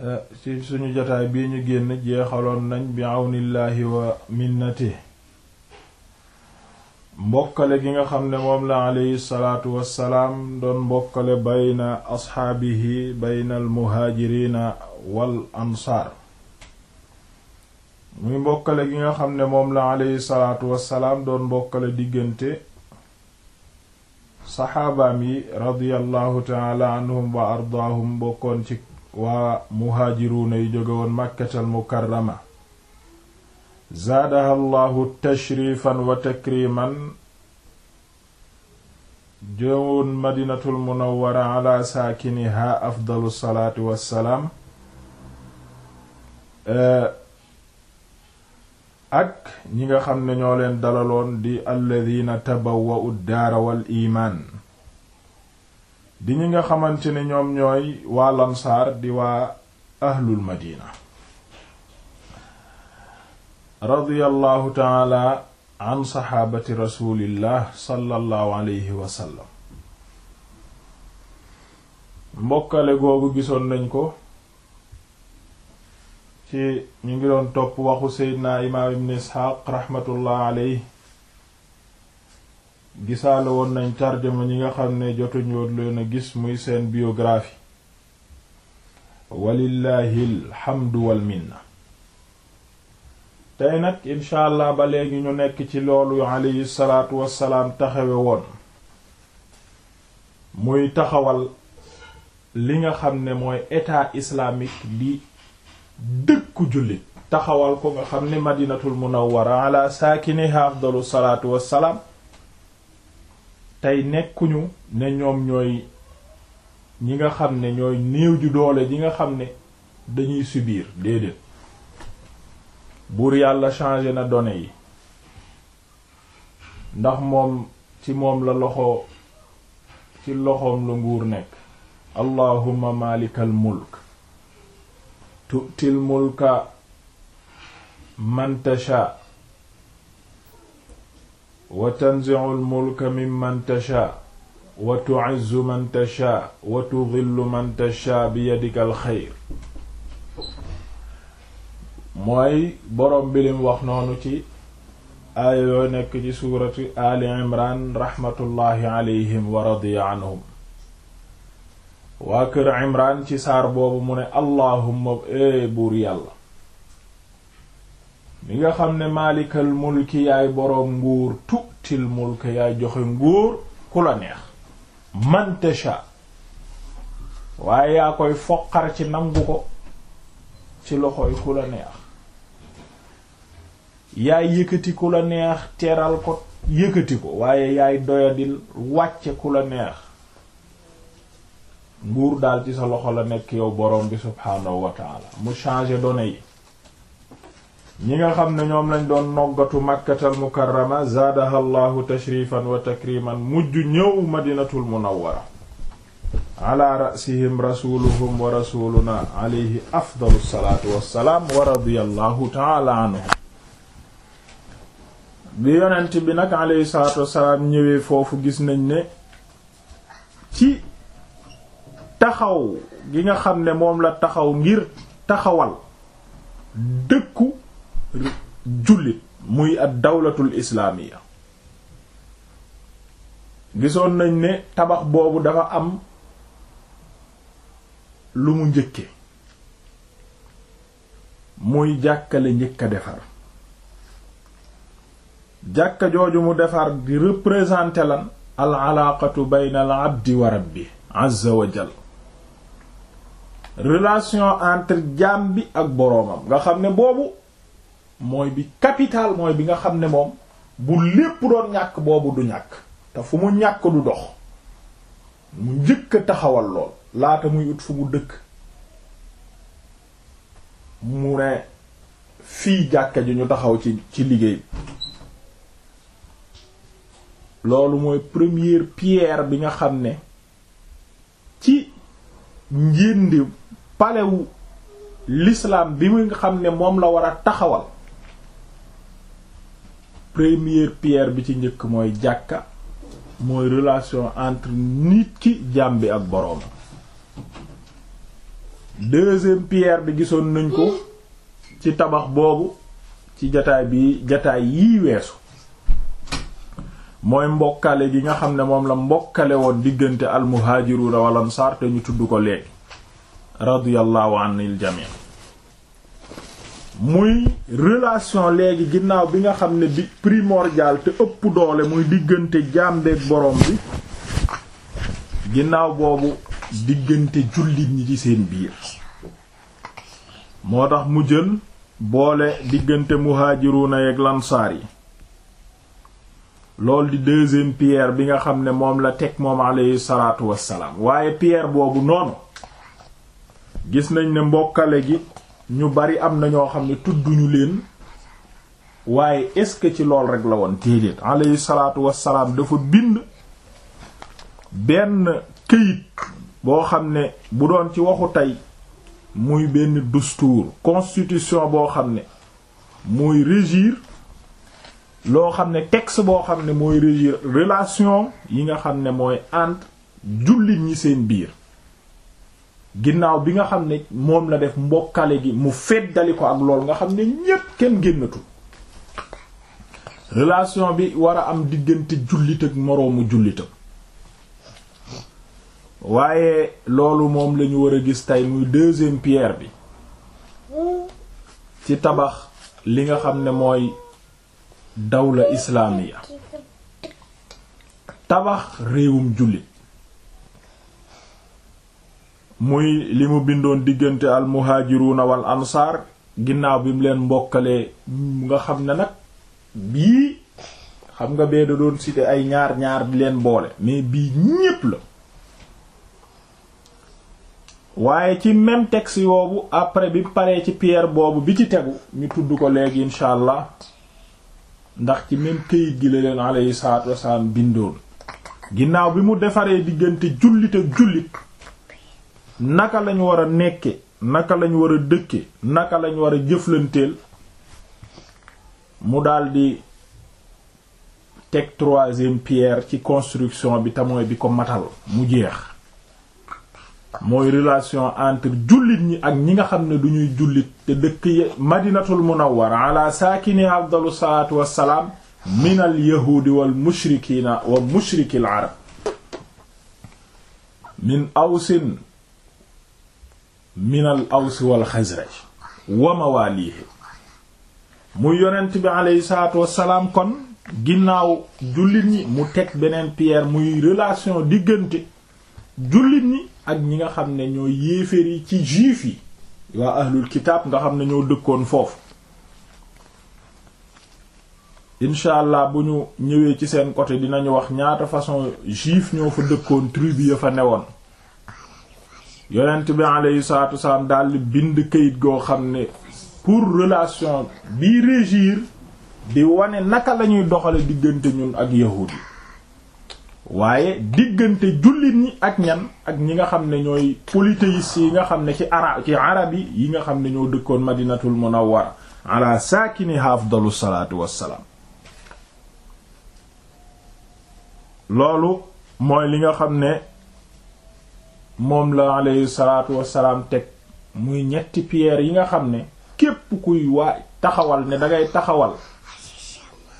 Eh, ci suñu jotaay bii ñu génn jeexaloon nañ bi àwnillaahi wa minnati mbokkale gi nga xam ne moom la aleyhi salaatu wassalaam doon mbokkale bayna asxaabihi bayna almuhaajiriina wal ansaar muy mbokkale gi nga xam ne moom la aleyhi salaatu wassalaam doon mbokkale diggante saxaabaam yi radiyallahu taala anhum wa ardaahum bokkoon ci waa muhaajiruuna yu jóge woon màkkatal mukarrama zaadaha llahu tashrifan wa takriman jëwoon madinatul munawwara ala saakiniha afdalu salaatu wassalaam eh, ak ñi nga xam ne ñoo leen dalaloon di alladina tabawwa'u daara wal imaan di ñi nga xamante ne ñoom ñooy waa lansaar di waa ahlul madina radiyallahu taala an saxaabati rasulillah sallallahu alayhi wa mbokkale googu gisoon nañ ko ci ñu ngi doon topp waxu seydina imaam ibn isxaaq raxmatullah alayhi gisaale woon nañ tarjama ñi nga xam ne jotuñu leen gis muy seen biographie walillahi alhamdu wal tey nag incha allah ba léegi ñu nekk ci loolu alayhi salaatu wassalaam taxawe woon muy taxawal li nga xam ne mooy état islamique bi dëkku jullit taxawal ko nga xam ne madinatul munawwara ala saakiniha afdalu salaatu wassalaam tey nekkuñu ne ñoom ñooy ñi nga xam ne ñooy néew ju doole ji nga xam ne dañuy subir déedéet buur yàlla changé na données yi ndax moom ci moom la loxo ci loxoom la nguur nekk allahumma malikal mulk tu'til mulka man wa tanzi'u al-mulka mimman tashaa wa tu'izzu man tashaa wa tudhillu man tashaa bi yadika al-xayr mooy boroom bi lim wax noonu ci aaya yoo nekk ci suuratu ali imran raxmatullaahi alayhim wa radiya anhum waa kër imran ci saar boobu mu ne allahumma e buur yàlla mi nga xam ne maalikal mulki yaay boroom nguur tu'til mulka yaay joxe nguur ku la neex man cha waaye yaa koy foqar ci nangu ko ci loxoy ku la neex yaay yëkkati ku la neex teral ko yëkkati ko waaye yaay doyadil wàcce ku la neex nguur daal ci sa loxo la nekk yow boroom bi subhaanahu wa mu changer données yi ñi nga xam ne ñoom lañ doon noggatu màkkatal mukarrama zaadaha llahu tashrifan wa takriman mujj ñëw madinatul munawwara ala rasihim wa rasuluna afdalu salaatu wassalaam wa radiyallahu taala bi yonent bi nag alayhi salaatu wassalaam ñëwee foofu gis nañ ne ci taxaw gi nga xam ne moom la taxaw ngir taxawal dëkku jullit muy ad dawlatul islaamiya gisoon nañ ne tabax boobu dafa am lu mu njëkke muy jàkkale njëkk defar jàkka jooju mu defar di représenter lan al alaaqatu bayna al abdi wa bi azza wa jal relation entre jaam bi ak boroomam nga xam ne boobu mooy bi capital mooy bi nga xam ne moom bu lépp doon ñàkk boobu du ñàkk te fu mu ñàkk du dox mu njëkk a taxawal lool laata muy ut fu mu dëkk mu ne fii jàkka ju ñu taxaw ci ci liggéey loolu mooy premier pierre bi nga xam ne ci njëndi palewu l'islam bi mu nga xam ne moom la war a taxawal première pierre bi ci njëkk mooy jàkka mooy relation entre nit ki jaam bi ak boroom deuxième pierre bi gisoon nañ ko ci tabax boobu ci jataay bi jataay yii weesu mooy mbokkale gi nga xam ne moom la mbokkale woon diggante almuhaajiruuna wal ansaar te ñu tudd ko léegi radiyallahu anil jamii muy relation léegi ginnaaw bi nga xam ne bi primordial te ëpp doole muy diggante jaam boroom borom bi ginnaaw boobu diggante jullit ñi ci seen biir moo tax mu jën boole diggante muhajiruna yeeg lansaar yi loolu di deuxième bi nga xam ne moom la teg moom aleyhi salaatu waaye pierre boobu noonu gis nañ ne mbokkale gi ñu bari am na ñoo xam ne tudduñu leen waaye est-ce que ci lool rek la woon déedéet alayhi salaatu wassalaam dafa bind benn këyit boo xam ne bu doon ci waxu tey muy benn dustuur constitution boo xam ne muy régir loo xam ne tex boo xam ne mooy régir relation yi nga xam ne mooy ant jullit ñi seen biir ginnaaw bi nga xam ne moom la def mbokkale gi mu feddali ko ak lool nga xam ne ñépp kenn génnatu relation bi war a am diggante jullit ak moroomu jullitam waaye loolu moom lañu war a gis tey muy deuxième pierre bi ci tabax li nga xam ne mooy dawla islaamiya tabax réewum jullit muy li mu bindoon diggante al muhaajiruuna wal ansaar ginnaaw bi mu leen mbokkalee nga xam ne nag bii xam nga bee da doon cité ay ñaar ñaar bi leen boole mais bii ñépp la waaye ci même texte boobu après bi paree ci pierre boobu bi ci tegu ñu tudd ko léegi incha allah ndax ci même këyit gi la leen alayhi salaatu wasalaam bindoon ginnaaw bi mu defaree diggante jullit ak jullit naka lañu war a nekke naka lañu war a dëkke naka lañ war a jëflanteel mu daldi teg troisième pierre ci construction bi te mooy bi ko matal mu jeex mooy relation entre jullit ñi ak ñi nga xam ne duñuy ñuy jullit te dëkk madinatul munawwara ala saakini afdalu salaatu wassalaam min al yahuudi wal mushrikiina wa mushrikil arab min awsin minal aws wal xasraj wa mawaalihi mu yonent bi aleyhi salaatu wassalaam kon ginnaaw jullit ñi mu teg beneen pierre muy relation diggante jullit ñi ak ñi nga xam ne ñoo yéeféer yi ci juif yi waa ahlul kitaab nga xam ne ñoo dëkkoon foofu incha allah bu ñu ñëwee ci seen côté dinañu wax ñaata façon juif ñoo fa dëkkoon tribu ya fa newoon yonent bi alayhi salaatu wasalaam daal bind kayit goo xam ne pour relation bi régir di wane naka lañuy doxale diggante ñun ak yahuud yi waaye diggante jullit ñi ak ñan ak ñi nga xam ne ñooy polythéistes yi nga xam ne ci arab yi yi nga xam ne ñoo dëkkoon madinatul munawwara ala saakini afdalu salaatu wassalaam loolu mooy li nga xam ne moom la aleyhi salaatu wassalaam teg muy ñetti pierre yi nga xam ne képp kuy waay taxawal ne dangay taxawal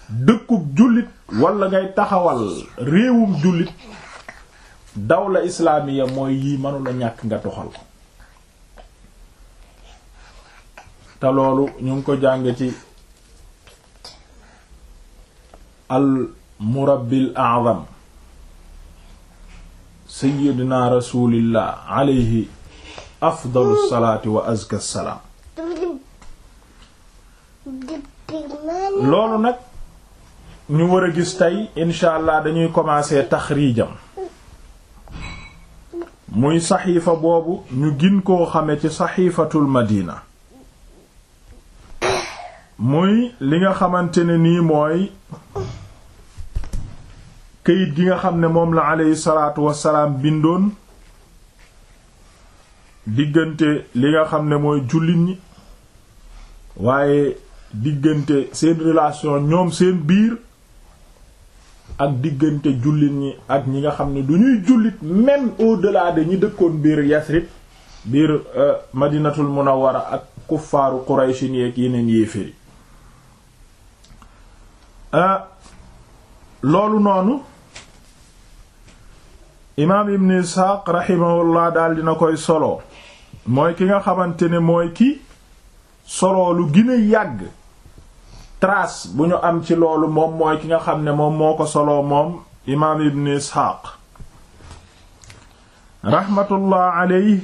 dëkkub jullit wala ngay taxawal réewum jullit dawla islaamiya mooy yii mënula ñàkk nga doxal ko te loolu ñu ngi ko jàng ci al murabbil a'zam sayyidina rasulillah alayhi afdalu hmm. salaati wa loolu nag ñu war a gis tey incha allah dañuy tax riijam muy saxiifa boobu ñu gin koo xame ci saxiifatul madina muy li nga xamante ne nii mooy këyit gi nga xam ne moom la aleyhi salaatu bindoon diggante li nga xam ne mooy jullit ñi waaye diggante seen relation ñoom seen biir ak diggante jullit ñi ak ñi nga xam ne du ñuy jullit même au ñi dëkkoon biir Yasrib biir euh, Madinatul wara ak kuffaaru Quraysh ni ak yeneen yéeféri euh, loolu noonu imaam ibn isxaaq raximahullah daal dina koy solo mooy ki nga xamante ne mooy ki solo lu gën yàgg trace bu ñu am ci loolu moom mooy ki nga xam ne moom moo ko solo moom imaam ibn isxaaq raxmatullah aley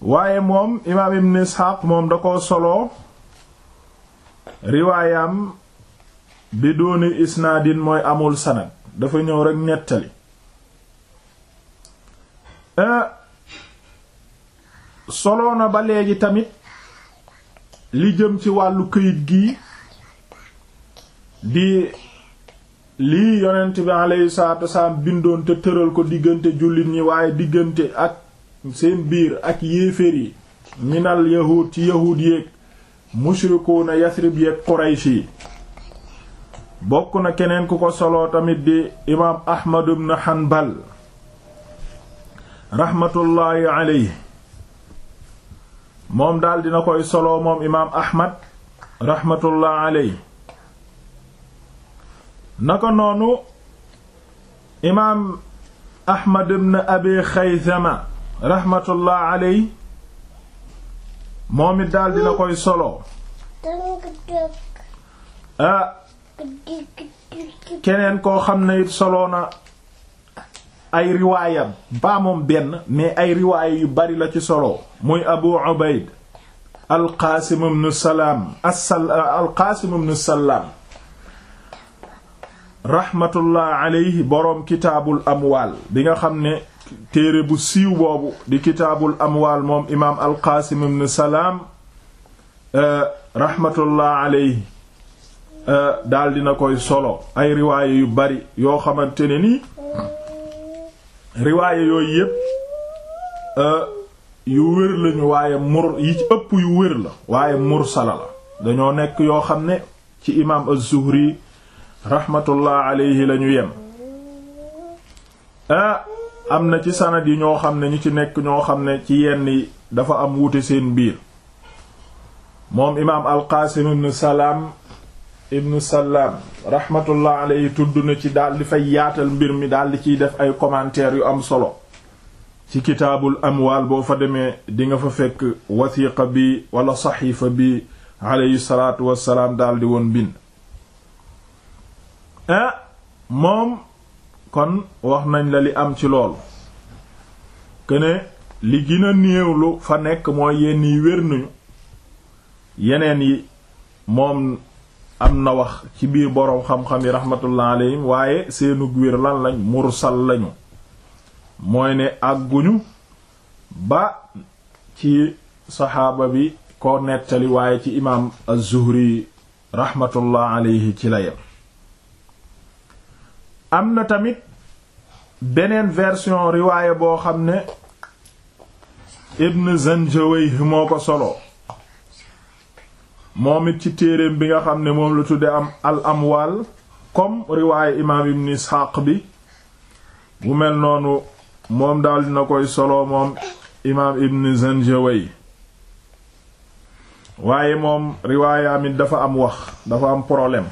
waaye moom imaam ibn isxaaq moom da ko solo riwaayam bi dooni isnaadin mooy amul sanad dafa ñëw rek nettali ah, solo ba léegi tamit li jëm ci wàllu këyit gi di li yonent bi alayhi salaatu bindoon te tëral ko diggante jullit ñi waaye diggante ak seen biir ak yéeféer yi minal yahuud ci yahuud yéeg mushrikuuna yasrib yeeg quraysh yi bokk na keneen ku ko soloo tamit di imaam ahmad ibn hanbal raxmatullaahi alayhi moom daal dina koy soloo moom imaam ahmad raxmatullaahi alayhi naka noonu imaam ahmad ibn abi xaysama raxmatullaahi alayhi moom it daal dina koy soloo keneen koo xam ne solo na ay riwaaya baa moom benn mais ay riwaaya yu bari la ci solo muy abu ubayd alqaasim ibn salaam salaam rahmatullah alayhi boroom kitaabul amwaal bi nga xam ne téere bu siiw boobu di kitaabul amwaal moom imaam alqaasim ibn salaam eh, rahmatullah alayhi Euh, daal na koy solo ay riwaaye yu bari yoo xamante ne ni riwaaye yooyu yépp euh, yu wér lañu waaye mur yi ci ëpp yu wér la waaye mursala la dañoo nekk yoo xam ne ci imaam az-Zuhri rahmatullah alayhi lañu yem ah, am na ci sanad yi ñoo xam ne ñu ci nekk ñoo xam ne ci yenn yi dafa am wuute seen biir moom imaam al-Qaasim Salaam ibnu salaam rahmatullah alayhi tudd na ci daal di fay yaatal mbir mi daal di ciy def ay commentaires yu am solo ci kitaabul amwaal boo fa demee dinga fa fekk wasiqa bi wala saxiifa bi alayhi salaatu wassalaam woon bind ah moom kon wax nañ la li am ci loolu kene li gina a néewlu fa nekk mooy yenn yi wér nañu yeneen yi moom am na wax ci biir boroom xam-xam yi rahmatullah alayhim waaye seenu wér lan lañ mursal lañu mooy ne àgguñu ba ci saxaaba bi ko nettali waaye ci imaam az-Zuhri rahmatullah alayhi ci la yem am na tamit beneen version riwaaya boo xam ne Ibn Zanjawayh moo ko solo moom it ci téereem bi nga xam ne moom la tudde am al amwaal comme riwaaye imaam ibn isxaaq bi bu mel noonu moom daal dina koy solo moom imaam ibn zanjaway waaye moom riwaayaam it dafa am wax dafa am problème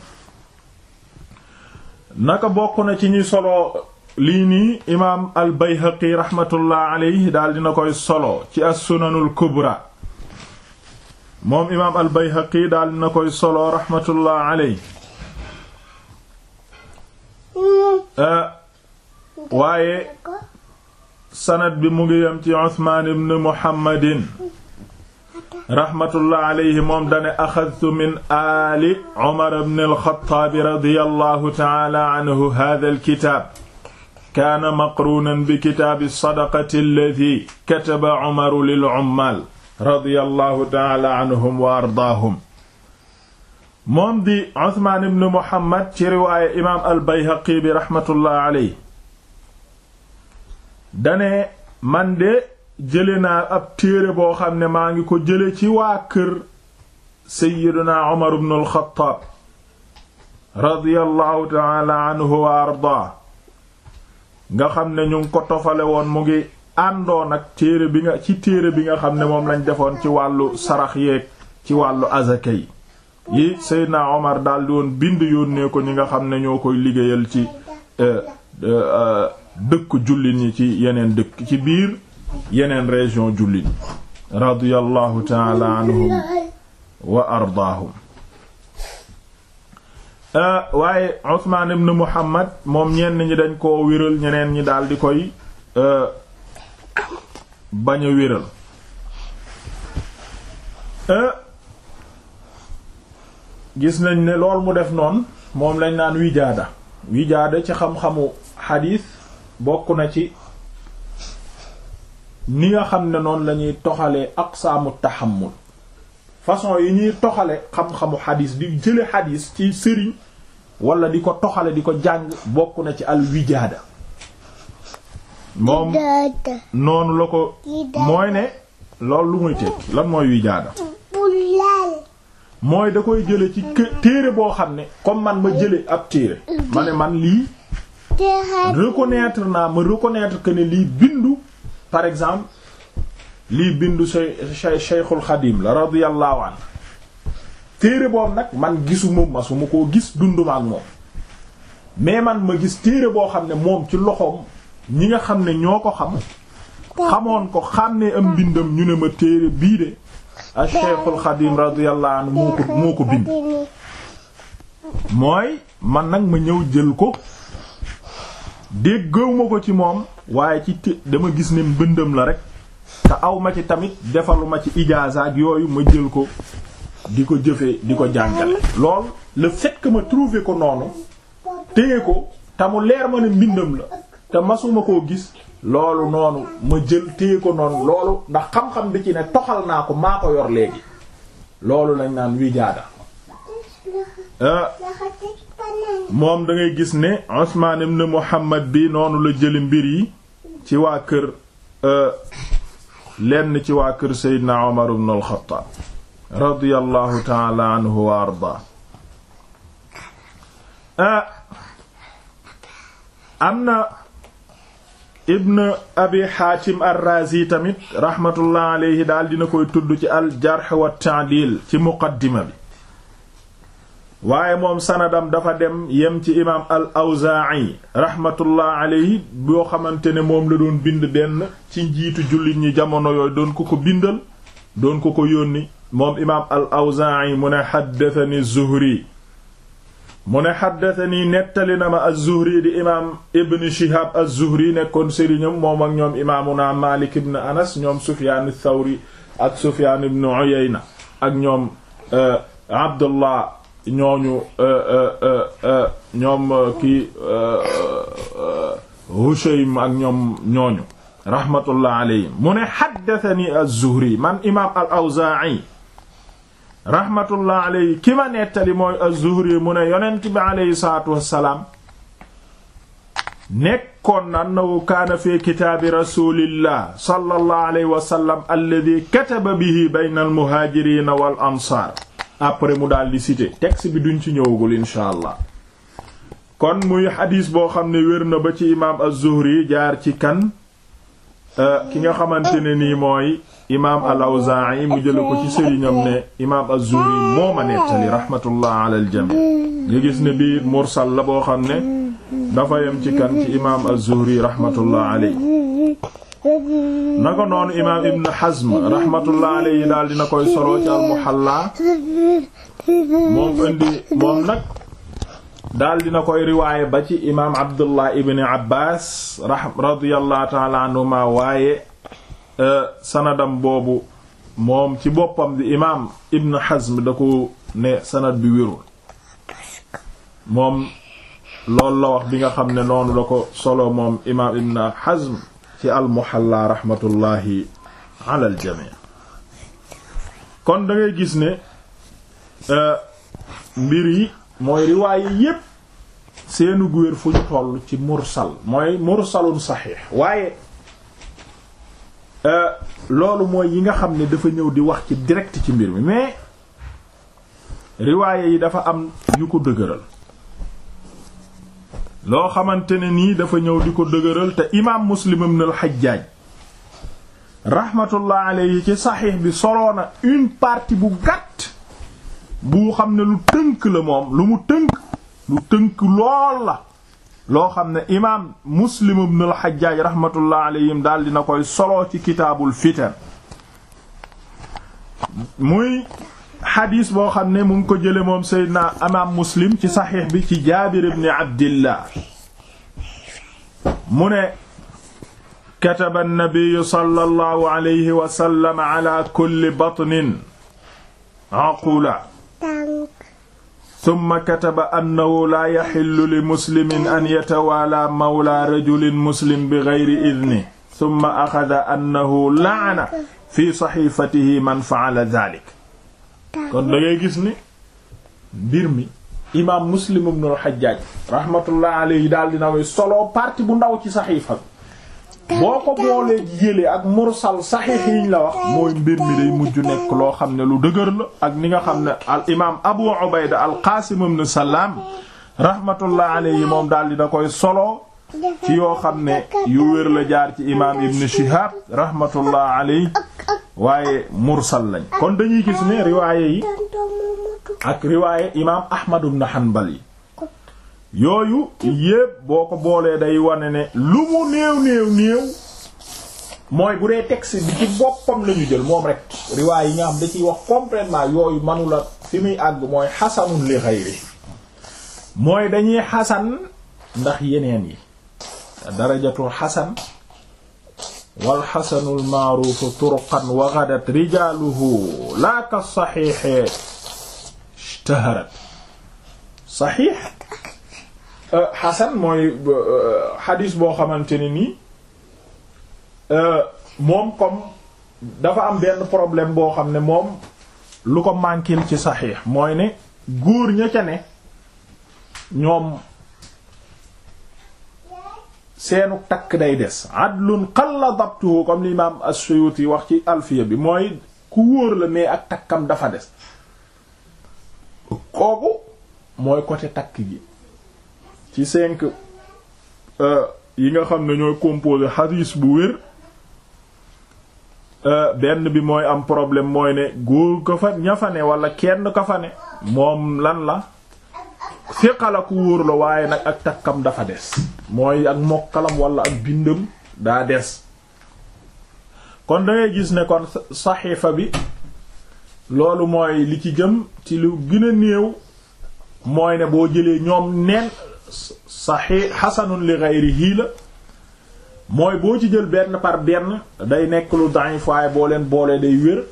naka bokk na ci ñi solo lii nii imaam al bayhaqi raxmatullah alayhi daal dina koy solo ci as sunanul kubra moom imaam al-Bayhaqi daal na koy solo raxmatullah aley hmm. eh, waaye sanad bi mu ngi yem ci Usmaan ibn Muhammadin raxmatullah aleyhi moom dane axadtu min aali Umar ibn al-Xattaab radiyallahu ta'ala anhu haadha al-kitaab kaana maqruunan bi kitaabi as-sadaqati alladhi kataba Umar lil-ummaal radiyallahu moom di Usmaan ibn Muhammad ci riwaaya imaam al-Bayhaqi bi raxmatullahi alayhi man de jële naa ab téere boo xam ne maa ngi ko jële ci waa kër Seyyidina Umar ibn al-Xattaab nga xam ne ñu ngi ko tofale woon mu ngi àndoon ak téere bi nga ci téere bi nga xam ne moom lañ defoon ci wàllu sarax yeeg ci wàllu azaka yi yi Omar daldi woon bind yónnee ko ñi nga xam ne ñoo koy liggéeyal ci euh, euh, dëkk jullit ñi ci yeneen dëkk ci biir yeneen région jullit radiyallahu taala anhum wa euh, waaye Usmaan ibn Muhammad moom ñenn ñi dañ ko wéral ñeneen ñi daldi koy bañ a wéral euh, gis nañ ne lool mu def noon moom lañ naan wijaada wijaada ci xam-xamu xadiis bokk na ci ni nga xam ne noonu lañuy toxalee toxalee aqsaamu taxammul façon yi ñuy toxale xam-xamu xadiis di jële xadiis ci sëriñ wala di ko toxale di ko jàng bokk na ci al wijaada moom noonu la ko mooy ne loolu lu muy tekki lan mooy yuy mooy da koy jële ci téere boo xam ne comme man ma jële ab téere ma ne man lii reconnaître naa ma reconnaître que ne lii bindu par exemple lii bindu say Cheikhul Xadim la radiyallahu anhu téere boobu nag man gisuma ma su ma koo gis dunduma moom mais man ma gis téere boo xam ne moom ci loxoom ñi nga xam ne ñoo ko xam xamoon ko xàmmee am bindam ñu ne ma téere bii de a Cheikhul Xadim radiyallahu anhu moo ko moo ko bind mooy man nag ma ñëw jël ko déggaw ko ci moom waaye ci té dama gis ne mbindam la rek te aw ma ci tamit defalu ma ci ijaaza yooyu ma jël ko di ko jëfee di ko jàngale lool le fait ma trouvé ko noonu téye ko tamu leer ma ne mbindam la te masuma koo gis loolu noonu ma jël téye ko noonu loolu ndax xam-xam bi ci ne toxal naa ko maa ko yor léegi loolu lañ naan wijaada euh, moom da gis ne Usmaan ibn Muhammad bi noonu la jëli mbir yi ci waa kër euh, lenn ci waa kër Seydina Umar ibn al-Khattab radiyallahu anhu wa arda euh, am na ibn abi xaatim ar-razi tamit rahmatullah aleyhi daal dina koy tudd ci al-jarh wa ci muqaddima bi waaye moom sanadam dafa dem yem ci imaam al-awzaa'i rahmatullah aleyhi boo xamante ne moom la doon bind benn ci njiitu jullit ñi jamono yooyu doon ko ko bindal doon ko ko yónni moom imaam al-awzaa'i mu ne haddathani zuhri mu ne xaddatani nettali na ma az-Zuhri di imaam ibn Shihab az-Zuhri nekkoon sëriñam moom ak ñoom imaamuna Maalik ibn Anas ñoom Sufyaan ath-Thawri ak Sufyaan ibn Uyayna ak ñoom euh, Abdullah ñooñu euh, euh, ñoom kii Hushaym ak ñoom ñooñu rahmatullah alayhim mu ne xaddatani az-Zuhri man imaam al-Awzaa'i rahmatullah alayhi ki ma nettali mooy az-Zuhri mu ne yonent bi alayhi salaatu wassalaam nekkoon na annahu kaana fi kitaabi rasulillah sallallahu alayhi wa sallam alladhi mu daal di cité bi duñ ci ñëwagul incha allah kon muy xadiis boo xam ne wér na ba ci imaam az jaar ci kan euh, ki nga xamante ne nii mooy imaam al-Awzaa'i mu jële ko ci sëriñam ne imaam az-Zuhri moo ma nettali rahmatullah ala al-jamii ne biir mursal la boo xam ne dafa yem ci kan ci imaam az-Zuhri rahmatullah alayhi naka noonu imaam Ibn Hazm rahmatullah alayhi daal dina koy solo al-Muhalla moom indi moom nag daal dina koy riwaaye ba ci imaam Abdullah Ibn Abbas radiyallahu ta'ala anhuma waaye Euh, sanadam boobu moom ci boppam di imaam Ibn Hazm da ko ne sanad bi wérul moom loolu la wax bi nga xam ne noonu la ko solo moom imaam Ibn Hazm ci al-Muhalla rahmatullahi ala jamii kon da gis ne euh, mbir yi mooy riwaaye yépp seenu guwér fu ñu toll ci mursal mooy mursalun saxiix Euh, loolu mooy yi nga xam ne dafa ñëw di wax ci direct ci mbir mi mais riwaaye yi dafa am yu ko dëgëral loo xamante ne nii dafa ñëw di ko dëgëral te imaam muslim ibn al-Hajjaj rahmatullah alayhi ci saxiix bi soloo na une partie bu gàtt bu xam ne lu tënk la moom lu mu tënk lu tënk lool la loo xam ne imaam muslim ibn al-Hajjaj rahmatullah alayhim daal dina koy soloo ci kitaabul fitan muy xadiis boo xam ne mu ngi ko jële moom seydina imaam muslim ci saxiix bi ci jaabir ibn abdillah mune ne kataba annabiyu sallallahu alayhi wa sallam ala aqula summa kataba annahu laa yaxillu li muslimin an yatawaala mawla rajulin muslim bi geyri idni summa axada annahu laana fi saxiifatihi man faala dalik kon da ngay gis ni mbir mi imaam muslim ibnul xajjaaj rahmatullah alayhi daal dina koy solo parti bu ndaw ci saxiifa bi boo ko boolee yële ak mursal saxiix yiñ la wax mooy mbir mi day mujj nekk loo xam ne lu dëgër la ak ni nga xam ne al imaam Abu Ubayda al Qaasim ibn Salaam rahmatullah yi moom daal di da koy solo ci yoo xam ne yu wér la jaar ci imaam Ibn Shihab rahmatullah alayhi waaye mursal lañ kon dañuy gis ne riwaaye yi ak riwaaye imaam Ahmad ibn Hanbal yi yooyu yépp boo ko boolee day wane ne lu mu néew néew néew mooy bu dee texte bi ci boppam la jël moom rek riwaay yi nga xam da ciy wax complètement yooyu manu la fi muy àgg mooy xasanun li xayri mooy dañuy xasan ndax yeneen yi darajatul xasan wal xasanul maaruufu turqan wa gadat rijaaluhu laa ka saxiixee ishtaharat saxiix xasan euh, mooy xadiis euh, boo xamante ne nii euh, moom comme dafa am benn problème boo xam ne moom lu ko manquil ci saxiix mooy ne góor ña ca ne ñoom seenu takk day des adlun qalla dabtuhu comme l'imam as-Suyuti wax ci alfiya bi mooy ku wóor la mais ak takkam dafa des kooku mooy côté takk gi ci cinq euh, yi nga xam ne ñooy composé xadiis bu wér euh, benn bi mooy am problème mooy ne góor ko fa ña fa ne wala kenn ka fa ne moom lan la fiqala ku wóor la waaye nag ak takkam dafa des mooy ak mokkalam wala ak bindam daa des kon da gis ne kon saxiifa bi loolu mooy li ci jëm ci lu gën a néew mooy ne boo jëlee ñoom neen saxi xasanun li ghayrihi la mooy boo ci jël benn par benn day nekk lu da'if waaye boo leen boolee day wér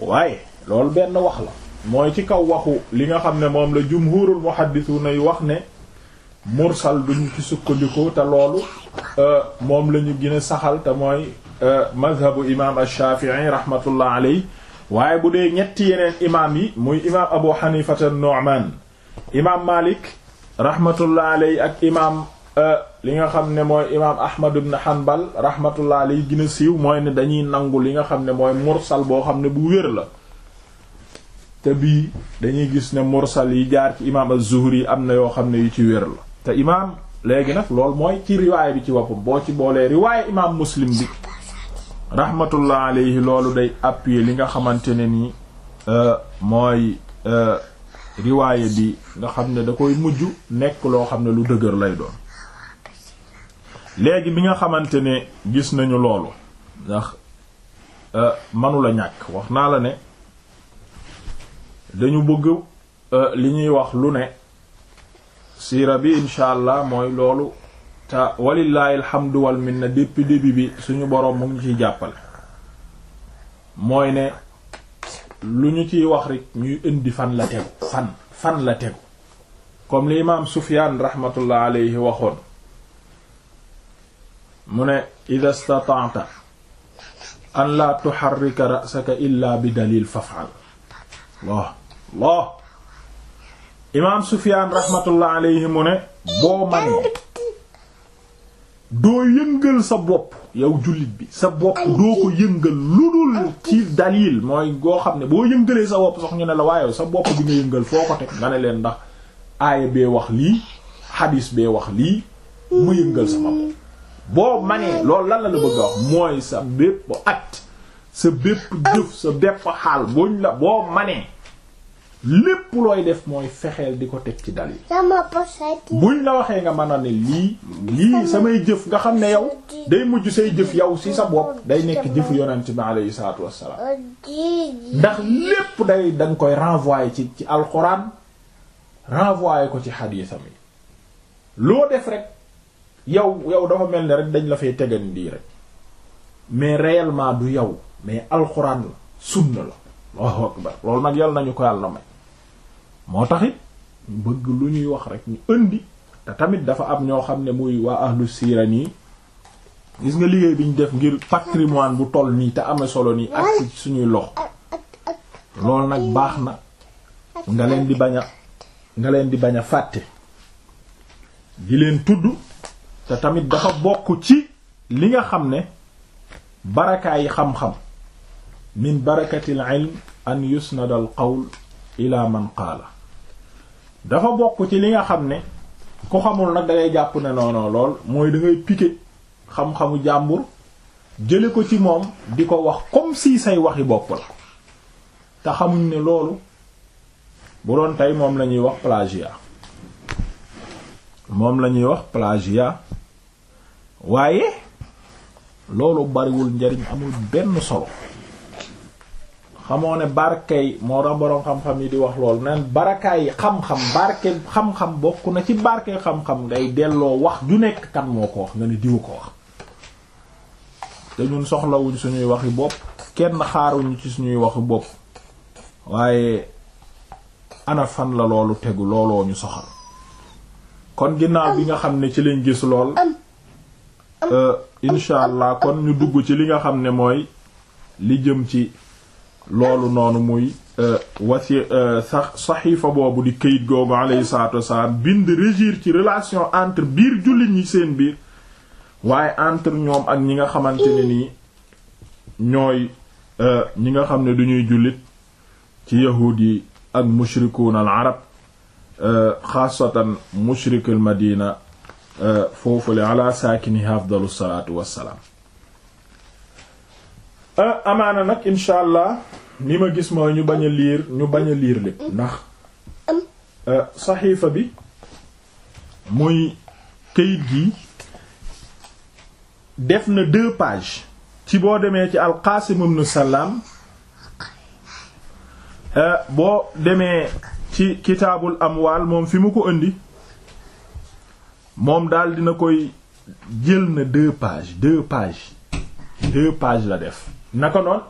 waaye loolu benn wax la mooy ci kaw waxu li nga xam ne moom la jumhurul muhaddisuna nay wax ne mursal duñu ci sukkandiku te loolu euh, moom la ñu a saxal te mooy euh, madhabu imam ash-shafi'i rahmatullah alayhi waaye bu dee ñetti yeneen imaam yi muy imaam abu hanifata an imaam malik rahmatullah aley ak imaam euh, li nga xam ne mooy imaam ahmad ibn hanbal rahmatullah aley gën siiw mooy ne dañuy nangu li nga xam ne mooy mursal boo xam ne bu wér la te bii dañuy gis ne mursal yi jaar ci imaam az am na yoo xam ne yu ci wér la te imaam léegi nag loolu mooy ci riwaay bi ci woppam boo ci boolee riwaay imaam muslim bi rahmatullah aleyhi loolu day appuyer li nga xamante ne ni euh, mooy euh, riwaaye bi nga xam ne da koy mujj nekk loo xam ne lu dëgër lay doon léegi bi nga xamante ne gis nañu loolu ndax euh, manula ñàkk wax naa la ne dañu bëgg euh, li ñuy wax lu ne siira bi incha allah mooy loolu te walillahi alhamdu wal minna depuis début bi suñu boroom mu ngi ciy jàppale mooy ne lu ñu ciy wax rek ñuy indi fan la tegu fan fan la tegu comme li imaam Sufyaan rahmatullah alayhi waxoon mu ne ida stata'ta an la tuharrika ra'saka illa bi dalil faf'al Allah imaam Sufyaan rahmatullah alayhi mu ne boo manee doo yëngal sa bopp yow jullit bi sa bopp doo ko yëngal lu dul ci dalil mooy goo xam ne boo yëngalee sa bopp sax ñu ne la waaye sa bopp bi nga yëngal foo ko teg nga ne leen ndax aaya bee wax lii xadiis bee wax lii mu yëngal sama bopp boo manee loolu lan la la bëgg a mooy sa bépp at sa bépp jëf sa bépp xaal buñ la boo manee lépp looy def mooy fexeel di ko teg ci dal dalil muñ la waxee nga man a ne lii lii samay jëf nga xam ne yow day mujj say jëf yow si sa bopp day nekk jëfu yonent bi alayhi salaatu wassalaam ndax lépp day danga koy renvoyer ci ci alxuraan renvoyer ko ci xadiisam yi loo def rek yow yow dafa mel ni rek dañ la fay tegan dii rek mais réellement du yow mais alxuraan la la loolu nag yàlla nañu ko yàlla may moo taxit bëgg lu ñuy wax rek ñu indi te tamit dafa am ñoo xam ne muy waa ahlu siira nii gis nga liggéey bi ñu def ngir patrimoine bu toll nii te ame solo nii ak suñuy lox loolu nag baax na nga leen di bañ a nga di bañ a fàtte di leen tudd te tamit dafa bokk ci li nga xam ne barakaayi xam-xam min barakatil ilm an yusnada al qawl ila man qaala dafa bokk ci li nga xam ne ku xamul nag da jàpp ne non lool mooy da ngay piqué xam-xamu jàmbur jële ko ci moom di ko wax comme si say waxi bopp la te xamuñ ne loolu bu doon tey moom la ñuy wax plagiat moom la ñuy wax plagiat waaye loolu bariwul njariñ amul benn solo xamoo ne barkay moo tax boroom xam-xam yi di wax loolu naan barakaay xam-xam barke xam-xam bokk na ci barke xam-xam ngay delloo wax ju nekk kan moo ko wax nga ne diw ko wax te ñun soxlawuñ suñuy waxi bopp kenn xaaruñu ci suñuy waxi bopp waaye ana fan la loolu tegu looloo ñu soxal kon ginnaaw bi nga xam ne ci lañ gis lool euh, insha allah kon ñu dugg ci li nga xam ne mooy li jëm ci loolu noonu muy euh, wasi euh, sax saxiifa boobu di këyit googu alayhi salaatu wasalaam bind régir ci relation entre biir jullit ñi seen biir waaye entre ñoom ak ñi nga xamante ne nii ñooy euh, ñi nga xam ne du ñuy jullit ci yahuud yi ak mushrikuun al arab xaasatan mushrikul madina foofule ala saakini afdalu salaatu wassalaam Euh, amaana nag incha allah li ma gis mooy ñu bañ a liir ñu bañ a liir lépp ndax euh, saxiifa bi muy këyit gi def na deux pages ci boo demee ci alqaasim ibn salaam euh, boo demee ci kitaabul amwaal moom fi mu ko indi moom daal dina koy jël na deux pages deux pages deux pages la def naka noonu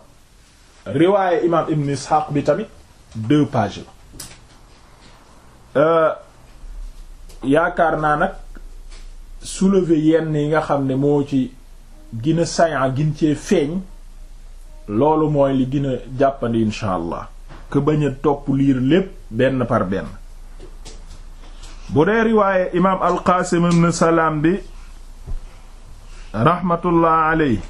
riwaaye imaam ibn Ishaq bi tamit deux pages la euh, yaakaar naa nag soulever yenn yi nga xam ne moo ci gën a sañaa gin cee feeñ loolu mooy li gën jàppandi insha allah que bañ topp liir lépp benn par benn bu dee riwaaye imaam al qaasim ibn salaam bi rahmatullah aleyhi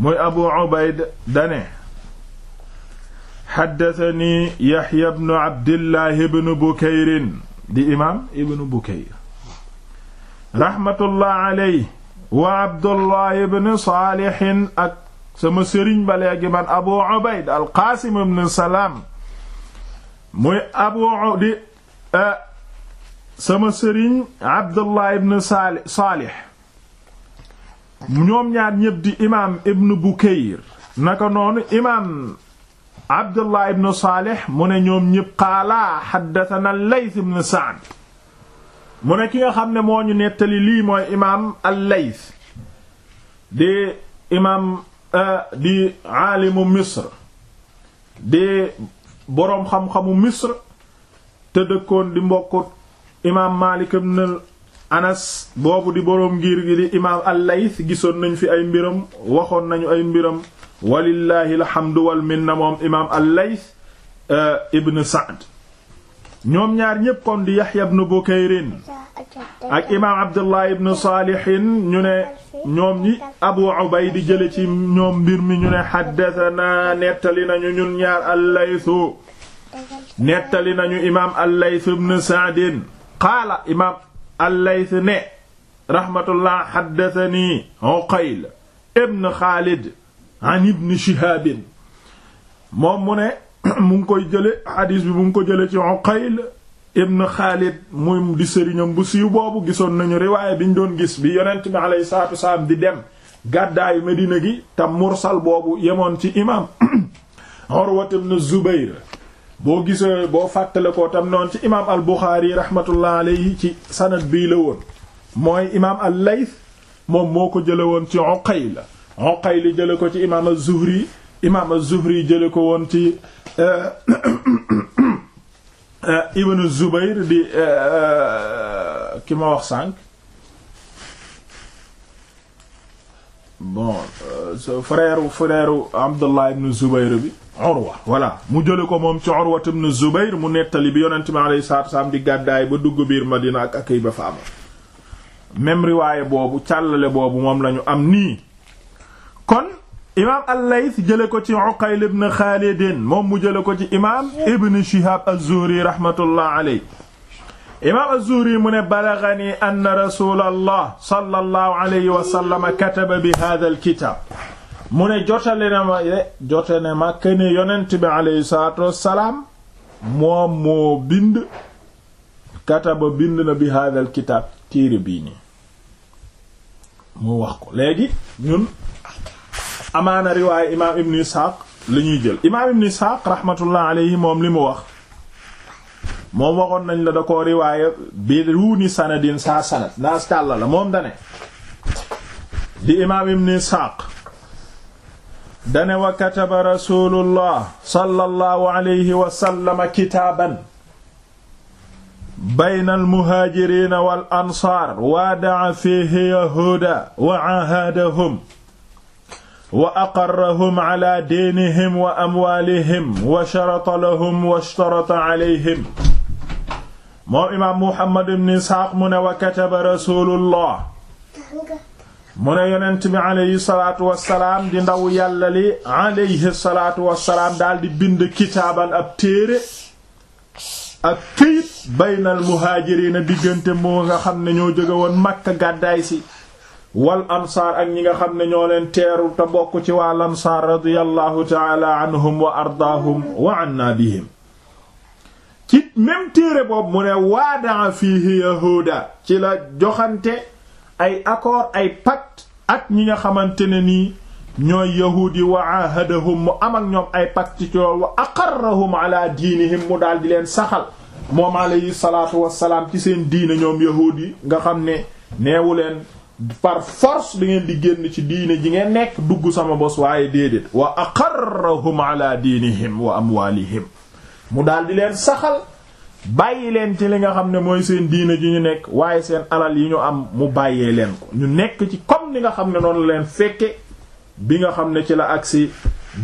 muy abu ubayd dane xaddatani yaxya bnu abdillahi bnu bukayrin di imaam ibnu bukayr raxmatullah aley wa abdullahi bnu saalixin ak sama sëriñ ba léegi man abu ubayd alqaasim bnu salaam muy abu di eh, sama sëriñ abdullahi bnu saalix ñoom ñaar ñëpp di imaam ibn Bukayr naka noonu imaam Abdullah ibn Salih mu ne ñoom ñëpp qaala haddathana al ibn Sa'd mu ne ki nga xam ne moo nettali lii mooy imaam al-Layth di imaam euh, di aalimu di boroom xam-xamu Misr te dëkkoon di mbokku imaam Maalik ibn anas boobu di boroom ngir gi di imaam al gisoon nañu fi ay mbiram waxoon nañu ay mbiram walillahi alhamdu wal minna moom imaam al-Layth euh, ibn Sa'd ñoom ñaar ñépp kon di Yahya ibn Bukayrin ak imaam Abdullah ibn Salihin ñu ne ñoom ñi Abu Ubayd di jële ci ñoom mbir mi ñu ne haddathana nettali nañu ñun ñaar al nettali nañu imaam al ibn Sa'd qaala imaam allayth ne rahmatullah xaddatani uqayl ibn xaalid an ibn moom mu ne mu ngi koy jële xadiis bi mu ngi ko jële ci uqayl ibn xaalid muy di sëriñam bu siiw boobu gisoon nañu riwaaya bi ñu doon gis bi yonent bi alayhi saatu wasalaam di dem gàddaayu medina gi te mursal boobu yemoon ci imaam urwat ibn boo gisee boo fàttale ko tam noonu ci imaam al Buxaari rahmatullah alayhi ci sanad bii la woon mooy imaam al Layth moom moo ko jële woon ci Uqayl Uqayl jële ko ci imaam az-Zuhri imaam az-Zuhri jële ko woon ci euh, euh, ibnu Zubayr di euh, ki ma wax sànq bon sa euh, frère frère Abdullah ibn Zubayr bi Urwa voilà mu jële ko moom ci Urwa ibn Zubayr mu nettali bi yonent mi alayhi salaatu wasalaam di gàddaay ba dugg biir Madina ak akay ba fa am riwaaye boobu càllale boobu moom lañu am nii kon imaam al jële ko ci Uqayl ibn Khalid moom mu jële ko ci imaam Ibn Shihab az-Zuhri rahmatullah alayhi imaam az-Zuhri mu ne balaghani anna rasulallah sallallahu alayhi wa sallam kataba bi hadha al mu ne jotale na ma jote ne ma këne yonent alayhi salaatu wassalaam moom moo bind kataba bind na bi hadha al-kitab bii nii mu wax ko léegi ñun amaana riwaaye imaam ibn Isxaaq li jël imaam ibn Isxaaq rahmatullah alayhi moom li mu wax moom waxoon nañ la da ko riwaaya bi ruuni sanadin saa sanad naas tàlla la moom dane di imaam ibn isxaaq dane wa kataba rasulullah sallallahu alayhi wa sallama kitaaban bayna almuhaajirina wal ansaar waada'a fiihi yahuuda wa ahaadahum wa aqarrahum ala diinihim wa amwaalihim wa sharata lahum wa ishtarata alayhim moom imaam muhammad ibn isxaaq mu wa kataba rasulullah mu ne yonent bi aleyhi salaatu di ndaw yàlla li aleyhi wa salaam daal di bind kitaaban ab téere ak këyit baynal muhaajiriina diggante moo nga xam ne ñoo jóge woon makka gàddaay si wal ansaar ak ñi nga xam ne ñoo leen teeru te bokk ci waa lansaar radiyallahu taala anhum wa ardaahum wa anna ci même téere boobu mu ne waadaa fii yahuuda ci la joxante ay accord ay pacte ak ñi nga xamante ne nii ñooy yahuud yi wa ahadahum mu amal ak ñoom ay pacte ci loolu wa aqarrahum ala diinihim mu daal di leen saxal moom alayhi salaatu wassalaam ci seen diine ñoom yahuud yi nga xam ne neewu leen par force da ngeen di génn ci diine ji ngeen nekk dugg sama bos waaye déedéet wa aqarrahum ala diinihim wa amwaalihim mu daal di leen saxal bàyyi leen ci li nga xam ne mooy seen diine ji ñu nekk waaye seen alal yi ñu am mu bàyyee leen ko ñu nekk ci comme ni nga xam ne noonu la leen fekke bi nga xam ne ci la agsi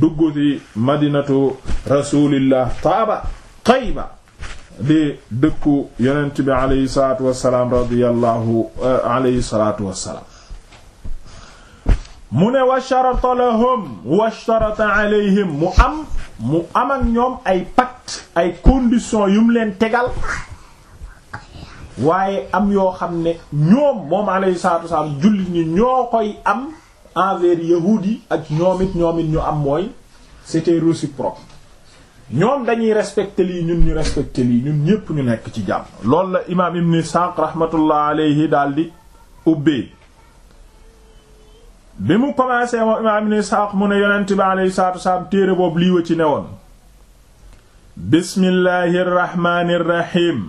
dugg ci madinatu rasulillah taaba tayba di dëkku yonent bi aleyhi salatu wasalaam radiyallahu eh, aleyhi salatu wasalaam mu ne wa sharata lahum wa alayhim mu am mu am ak ñoom ay pacte ay conditions yu mu leen tegal waaye am yoo xam ne ñoom moom alayhi salaatu wasalaam jullit ñi ñoo koy am enver yahuud yi ak ñoomit ñoomit ñu am mooy c'était réciproque ñoom dañuy respecté lii ñun ñu respecté lii ñun ñépp ñu nekk ci jàmm. loolu la imaam Ibn Sa'd rahmatullah alayhi daal di ubbee bi mu commencé moom imaam ibn Isxaaq mu ne yonent bi aleyhi salaatu wasalaam téere boobu lii wa ci newoon bismillahi irrahmani irrahim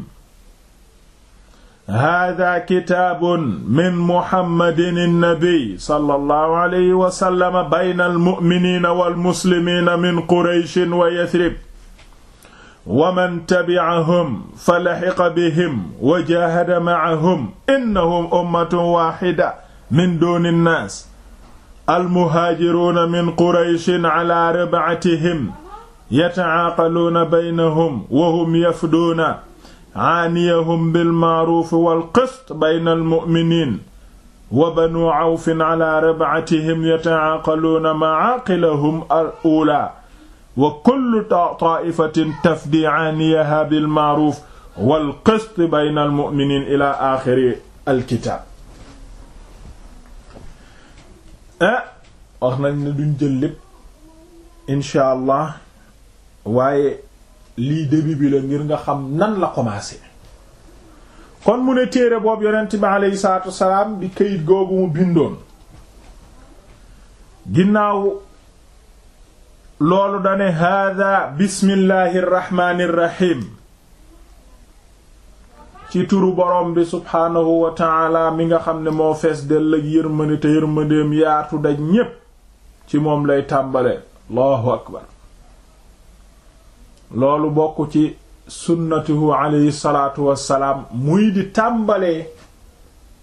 hada kitaabun min muhammadin innabi sallallahu alayhi wa sallam bayna almu'miniina walmuslimiina min qurayshin wa yasrib wa man tabi'ahum fa laxiqa bihim wa jaahada ma'ahum innahum ummatun waaxida min duuni nnaas almuhaajiruuna min qurayshin ala rib'atihim yatacaaqaluuna baynahum wa hum yafduuna caaniyahum bilmaaruufi walqist bayna almu'miniin wa banuu cawfin ala rib'atihim yatacaaqaluuna macaaqilahum al-uulaa wa kullu taa'ifatin tafdii caaniyahaa bilmaaruuf walqist bayna almu'miniin ilaa aaxiri alkitaab ah wax nañ ne duñ jël lépp incha allah waaye lii début bi ngir nga xam nan la commencé kon mu ne téere boobu yonent bi aleyhi salaatu wasalaam bi këyit googu mu bindoon ginnaaw loolu dane hada bismillahi rrahmani rrahim ci turu borom bi subhaanahu wa mi nga xam ne moo fees dell ak yërmande te yërmandeem yaatu daj ñépp ci moom lay tàmbale loolu bokk ci sunnatuhu alayhi salaatu wassalaam muy di tàmbalee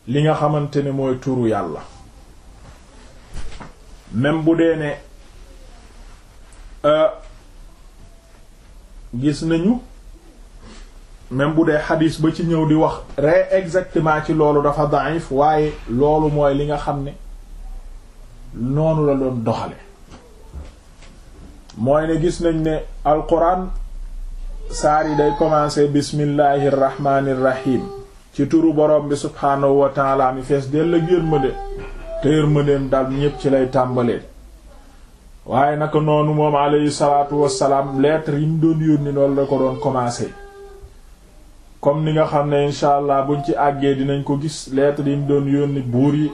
li nga xamante ne mooy turu yàlla même bu dee ne euh, gis nañu même bu dee xadis ba ci ñëw di wax ree exactement ci loolu dafa daif waaye loolu mooy li nga xam ne noonu la doon doxale mooy ne gis nañ ne alquran saar yi day commencer bismillahi irrahmani irrahim ci turu borom bi subhaanahu wa taala mi fees dell ak yërmande te yërmandeem dal ñépp ci lay tàmbalee waaye naka noonu moom alayhi salaatu wassalaam lettre yi mu doon yónni loolu la ko doon commencer comme ni nga xam ne incha allah buñ ci àggee dinañ ko gis lettre yi mu doon yónni buur yi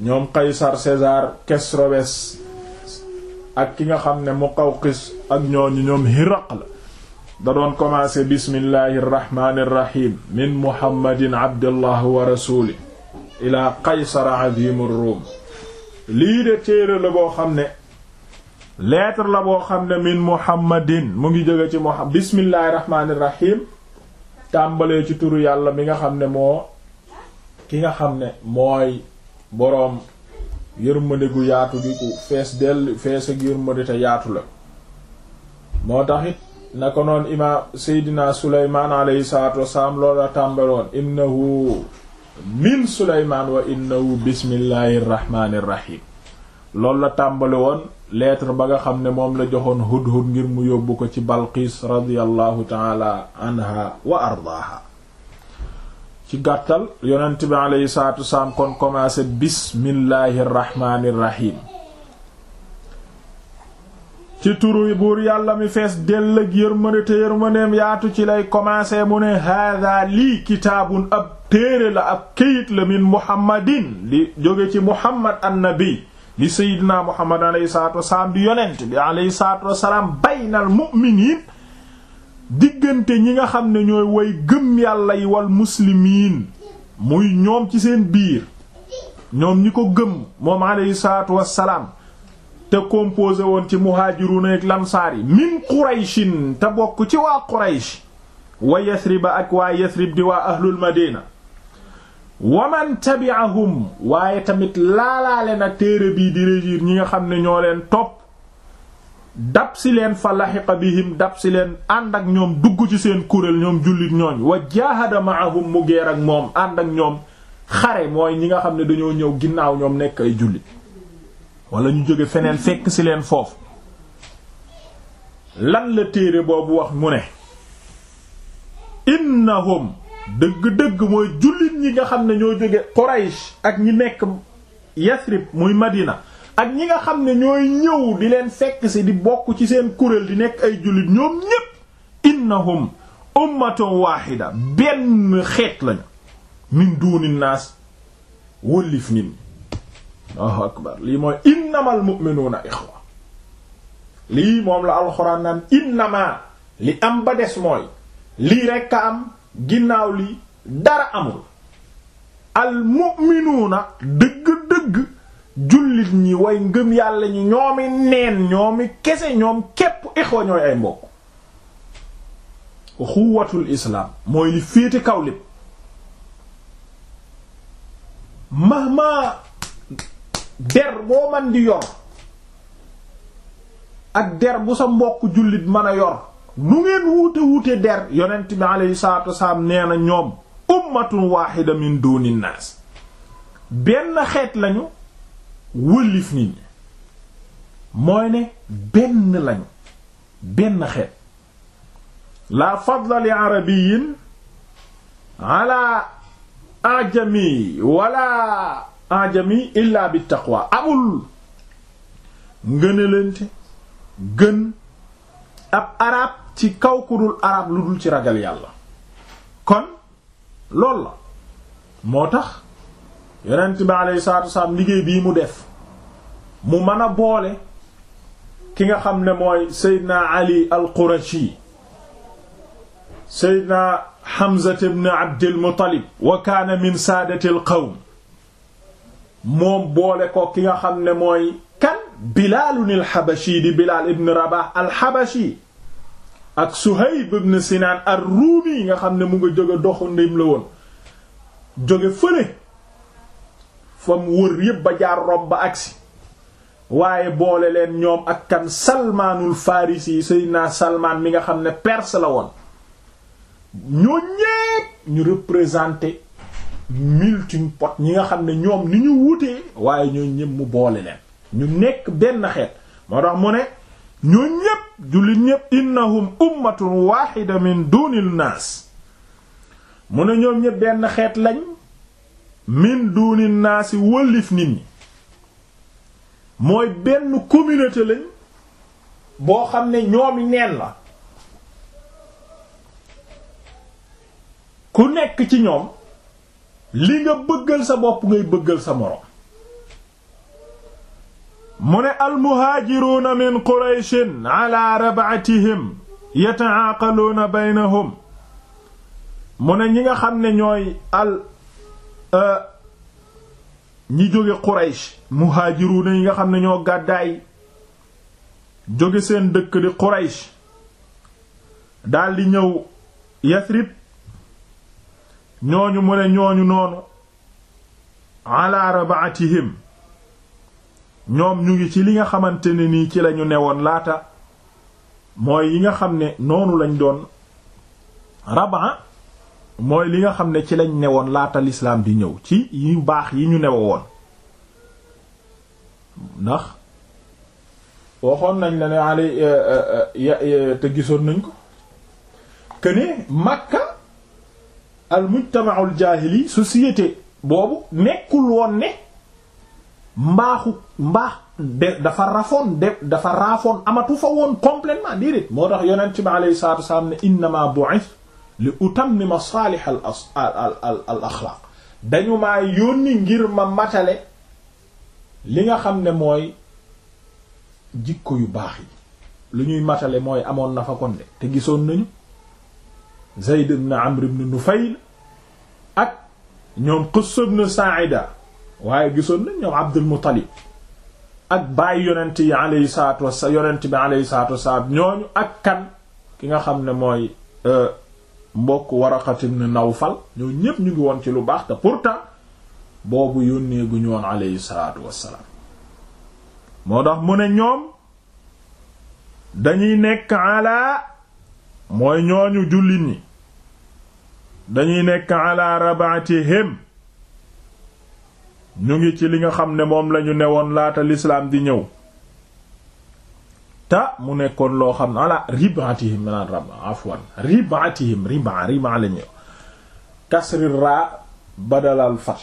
ñoom Qaysar César Kesrobes ak ki nga xam ne Muqawqis ak ñooñu ñoom Hiraql da doon commencé bismillahi rrahmani irrahim min muhammadin abdullah wa rasuli ila qaysara azimu ruum lii de téere la boo xam ne lettre la boo xam ne min muhammadin mu ngi jóge ci muhammad bismillahi rahmani tàmbalee ci turu yàlla bi nga xam ne moo ki nga xam ne mooy boroom yërmande gu yaatu gi ku fees dell fees ak yërmande te yaatu la moo taxit na ko noon imaam seydina suleymaan alayhi salaatu wasalaam loolu la tàmbaloon innahu min suleymaan wa innahu bismillahir rahmanir rahim la tàmbali woon lettre ba nga xam ne moom la joxoon Hudhud ngir mu yóbbu ko ci Balqiis radiyallahu gàttal yonent bi alayhi salaatu wasalaam kon buur yàlla mi fees dell ak yërmande te yërmandeem yaatu ci lay commencé mu ne lii kitaabun ab téere la ab këyit la min muhammadin li jóge ci muhammad annabi li sayyidina muhammad alayhi salatu wasalaam di yonent bi alayhi salatu wasalaam baynal mu'miniin diggante ñi nga xam ne ñooy way gëm yàlla yi wal muslimiin muy ñoom ci seen biir ñoom ñi ko gëm moom alayhi salatu wasalaam te composé woon ci muhaajiruuna ak lamsaar yi min qurayshin te bokk ci waa quraysh wa yasriba ak waa yasrib di waa ahlul madina waman tabi'ahum waaye tamit laalaale na téere bii di régir ñi nga xam ne ñoo leen topp dab ci leen fa laxiqa bihim dab si leen ànd ak ñoom dugg ci seen kuréel ñoom jullit ñooñ wa jaahada ma'ahum mu geer ak moom ànd ak ñoom xare mooy ñi nga xam ne dañoo ñëw ginnaaw ñoom nekk ay jullit wala ñu jóge feneen fekk ci leen foofu lan la téere boobu wax mu ne innahum dëgg-dëgg mooy jullit ñi nga xam ne ñoo jóge Quraysh ak ñi nekk Yasrib muy Madina ak ñi nga xam ne ñooy ñëw di leen fekk si di bokk ci seen kuréel di nekk ay jullit ñoom ñépp innahum ummatun wahida benn xeet lañu min duni naas wëllif nit Allahu akbar lii moom la alxuraan naan innama li am ba des mooy lii rekk a am ginnaaw li dara amul almu'minuuna dëgg-dëgg jullit ñi way ngëm yàlla ñi ñoomi neen ñoomi kese ñoom képp ixwa ñooy ay mbokk xuwatul islaam mooy li féete kaw lépp mahma der boo man di yor ak der bu sa mbokk jullit mën a yor nu ngeen wuute wuute der yonent bi aleyhi salatu wasalaam nee na ñoom ummatun wahida min duni naas benn xeet lañu wëllif nit ñi mooy ne benn lañu benn xeet la fadla li arabiyin ala ajami wala ajami illa bi taqwa amul ngënalente gën ab arab ci kaw ku dul ci ragal yàlla kon loolu la moo tax yonent bi alayhi salaatu wasalaam liggéey bii mu def mu mën a boole ki nga xam ne mooy Seydina Ali al-Qurashi Seydina Hamza ibn Abdul Muttalib wa kaana min saadati al-qawm moom boole ko ki nga xam ne mooy kan Bilaal al-Habashi di Bilaal ibn Rabah al-Habashi ak Suhayb ibn Sinaan ar-Ruumi nga xam ne mu nga jóge doxu ndim la woon jóge fële fam wër yépp ba jaar Rom ba agsi waaye boole leen ñoom ak kan Salmaanul Farisi Seydina Salmaan mi nga xam ne perse la woon ñoo ñépp ñu représenter melting pot ñi nga xam ne ñoom ni ñu wutee waaye ñoo ñépp mu boole leen ñu nekk benn xeet moo tax mu ne ñoo ñépp jullit ñépp innahum ummatun waaxida min dunil naas mu ne ñoom ñépp benn xeet lañ min dunil naasi wëllif nit ñi mooy benn communauté lañ boo xam ne ñoomi neen la ku nekk ci ñoom li nga bëggal sa bopp ngay bëggal sa moroom mu ne almuhaajiruuna min qurayshin ala rabaatihim yataaqaluuna baynahum mu ne ñi nga xam ne ñooy al euh, ñi jóge quraysh muhaajiruuna yi nga xam ne ñoo gàddaay jóge seen dëkk di quraysh daldi ñëw yasrib ñooñu mu ne ñooñu noonu ala rabaatihim ñoom ñu ngi ci li nga xamante ne nii ci lañu newoon laata mooy yi nga xam ne noonu lañ doon raban mooy li nga xam ne ci lañ newoon laata lislaam di ñëw ci yu baax yi ñu newa woon ndax waxoon nañ la ne eh, eh, eh, te gisoon nañ ko këne Makka al mujtama'ul yi société boobu nekkul woon ne mbaaxu mbaax de dafa rafoon de dafa raafoon amatu fa woon complètement déedéet moo tax yonent bi alayhi salaatu wasalaam ne innama bu'ith li utammima saalih al al al axlaaq dañu maa yónni ngir ma matale li nga xam ne mooy jikko yu baax yi lu ñuy matale mooy amoon na fa kon de te gisoon nañu Zayd ibn Amr ibn Nufayl ak ñoom Quss ibn Sa'ida waaye gisoon nañ ñoom Abdul Muttalib ak bàyyi yonent yi alayhi salaatu wasalaam yonent bi alayhi salaatu wasalaam ñooñu ak kan ki nga xam ne mooy euh, mbokk Waraqat ibn Nawfal ñoo ñépp ñu ngi woon ci lu baax te pourtant boobu yónnee gu ñu moo tax mu ne ñoom dañuy nekk mooy ñooñu jullit ñi dañuy nekk ala rabaatihim ñu ngi ci li nga xam ne moom lañu woon laata lislaam di ñëw ta mu nekkoon loo xam ne ala ribaatihim min rab afwan ribaatihim riba riba la ñëw kasri raa badalal fat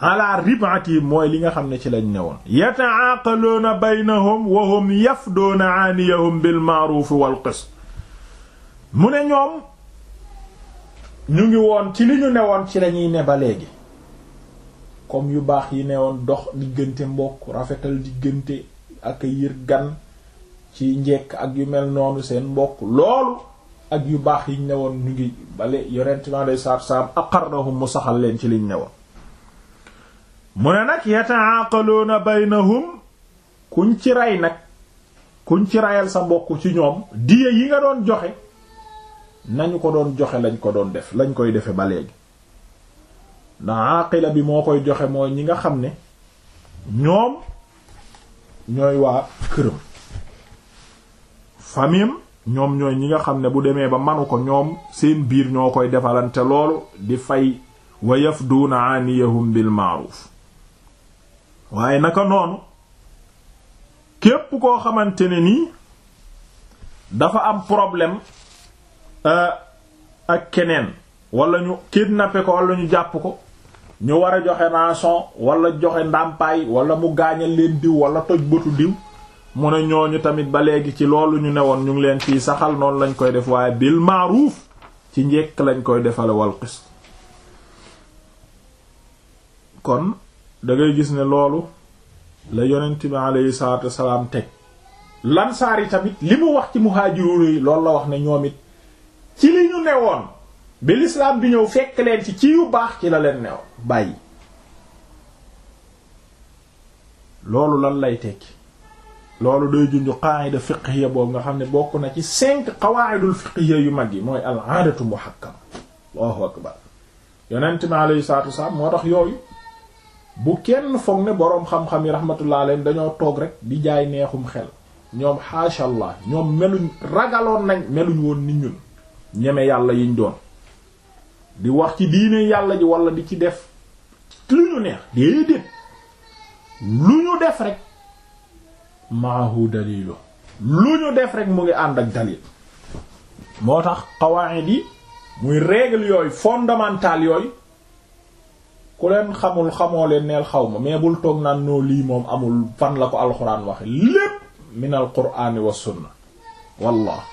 ala ribaatihim mooy li nga xam ne ci lañ newoon yataaqaluuna baynahum wa hum yafduuna aaniyahum bil ma'ruf wal qist mu ne ñoom ñu ngi woon ci li ñu newoon ci lañuy ne ba léegi comme yu baax yi newoon dox diggante mbokk rafetal diggante ak yir gan ci njekk ak yu mel noonu seen mbokk loolu ak yu baax yi newoon ñu ngi bale yorentement day saab ak aqarnahum mu saxal leen ci liñ newoon mu ne nag na baynahum kuñ ci ray nag kuñ ci reyal sa mbokk ci ñoom diye yi nga doon joxe nañu ko doon joxe lañ ko doon def lañ koy defe ba léegi ndax aqila bi moo koy joxe mooy ñi nga xam ne ñoom ñooy waa këram famim ñoom ñooy ñi nga xam ne bu demee ba manu ko ñoom seen biir ñoo koy defarante loolu di fay wa du aaniyahum bil ma'ruf waaye naka noonu képp koo xamante ne nii dafa am problème euh, ak keneen wala ñu kidnappé ko wala ñu jàpp ko ñu war a joxe rançon wala joxe ndàmpaay wala mu gaañal leen diw wala toj bëtu diw mu ne ñooñu tamit ba léegi ci loolu ñu ne woon ñu ngi leen fii saxal noonu lañ koy def waaye bil maaruuf ci njekk lañ koy defale wal kon dangay gis ne loolu la yonent bi aleyhi salaatu wasalaam teg lansaar yi tamit li mu wax ci muhaajiruun yi loolu la wax ne ñoom it ci li ñu newoon bi lislaam bi ñëw fekk leen ci ci yu baax ci la leen new bàyyi loolu lan lay tekki loolu day junju qaa'ida fiqhiyya boobu nga xam ne bokk na ci cinq qawaa'idul fiqhiyya yu mag yi mooy al aadatu muhakkama allahu akbar yonent mi alayhi salaatu wasalaam moo tax yooyu bu kenn foog ne boroom xam-xam yi rahmatullah alayhim dañoo toog rek di jaay neexum xel ñoom haasha allah ñoom meluñ ragaloon nañ meluñ woon ni ñun ñeme yàlla yiñ doon di wax ci diine yàlla ji wala di ci def lu ñu neex déedéet lu ñu def rek maahu dalilu lu ñu def rek mu ngi ànd ak dalil moo tax qawaid yi muy règle yooyu fondamentale yooyu ku leen xamul xamoo leen neel xaw ma mais bul toog naan noo lii moom amul fan la ko alxuraan waxe lépp min al qur'ani wa sunna wallah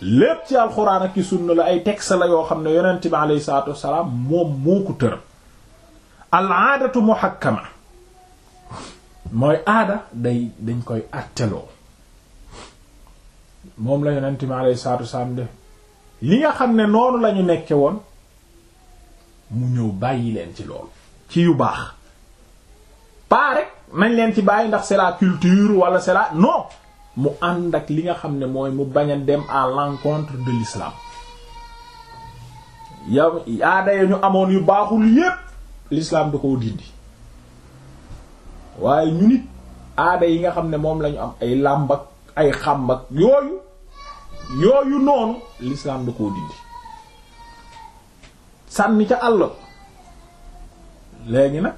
lépp ci alxuraan ak ci sunna la ay texte la yoo xam ne yonent bi alayhi salaatu wassalaam moom moo ko tër alaadatu muhakkama mooy aada day dañ koy atteloo moom la yonent bi alayhi salaatu wassalaam def li nga xam ne noonu lañu nekke woon mu ñëw bàyyi leen ci loolu ci yu baax pas rek nañ leen ci bàyyi ndax c'est la culture wala c'est la non mu ànd ak li nga xam ne mooy mu bañ a dem à l'encontre de l'islam yow aada ya ñu amoon yu baaxul yépp l'islam da koo dindi waaye ñu nit aada yi nga xam ne moom lañu am ay làmb ak ay xàmb ak yooyu yooyu noonu l'islam da koo dindi sànni ca àll léegi nag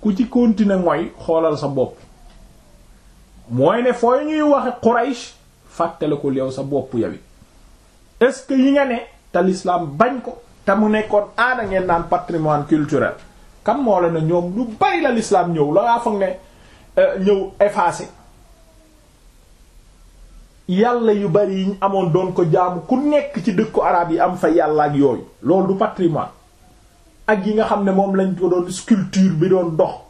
ku ci continuer mooy xoolal sa bopp mooy ne foo ñuy waxe Quraysh fàttalikul yow sa bopp yawit est-ce que yi nga ne te l'islam bañ ko te mu nekkoon aada ngeen naan patrimoine culturel kan moo la ne ñoom lu bari la l'islam ñëw la ngaa foog ne euh, ñëw effacé yàlla yu bari yi ñu amoon doon ko jaamu ku nekk ci dëkku arab yi am fa yàlla ak yooyu loolu du patrimoine ak yi nga xam ne moom lañ ko doon sculpture bi doon dox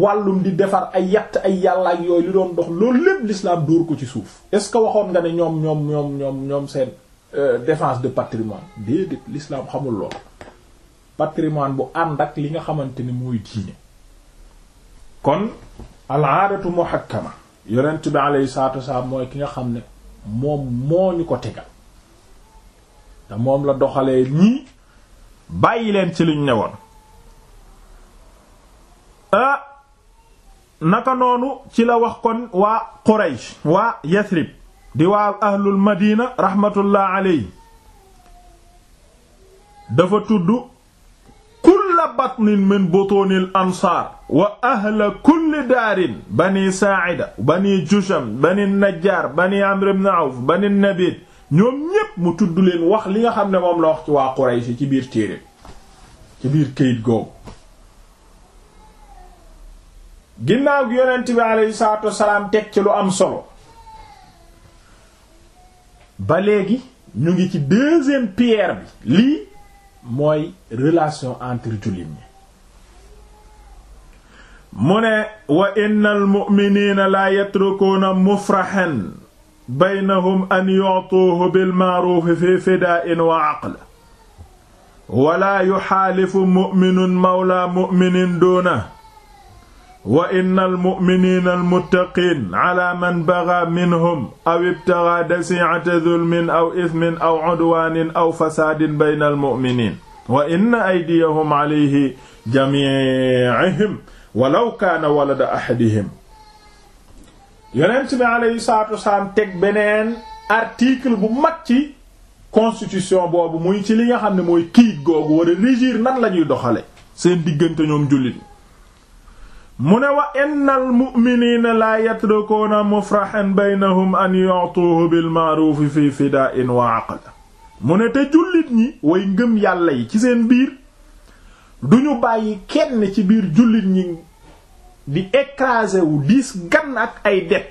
wàllum di defar ay yatt ay yàlla ak yooyu li doon dox loolu lépp l'islam dóor ko ci suuf est-ce que waxoon nga ne ñoom ñoom ñoom ñoom ñoom seen euh, defence de patrimoine déedéet l'islam xamul lool patrimoine bu ànd ak li nga xamante ni mooy diine kon al aadatu muhakkama yonent bi alayhi salatu wasallam mooy ki nga xam ne moom moo ñu ko tegal te moom la doxalee nii bàyyi leen ci liñ ne woon ah, naka noonu ci la wax kon waa Quraysh waa Yathrib di waa ahlul madina rahmatullah dafa tudd kulla batnin min butunil ansaar wa ahla kulli daarin bani saaida bani jusham bani najjar bani amr ibn auf bani nabit ñoom ñépp mu tudd leen wax li nga xam ne moom la wax ci waa Quraysh ci biir téere biir këyit googu ginnaaw gi yonent bi aleyhi teg ci lu am solo ba léegi ñu ngi ci deuxième pierre bi lii mooy relation entre jullit ñi mu ne wa innal mu'minina la yatrukuuna mufrahan baynahum an yu'tuuhu bil ma'ruufi fi fidaa'in wa 'aql wala yuxaalifu mu'minun mawla mu'minin duunahu wa innal mu'miniina almuttaqiin ala man bagaa minhum aw ibtagaa dasi'ata zulmin aw ismin aw udwaanin aw fasaadin bayna almu'miniin wa inna aydiyahum alayhi jami'ihim walaw kaana walada ahadihim yonent bi alayhi salaatu wasalaam teg beneen article bu mag ci constitution boobu muy ci li nga xam ne mooy kiit googu war a régir nan la ñuy doxale seen diggante ñoom jullit mu ne wa innal mu'miniina laa yatrukuuna mufrahan baynahum an yu'tuuhu bil ma'ruufi fii fidaa'in wa aqd mu ne te jullit ñi way ngëm yàlla yi ci seen biir duñu bàyyi kenn ci biir jullit ñi di écraser wu diis gann ak ay det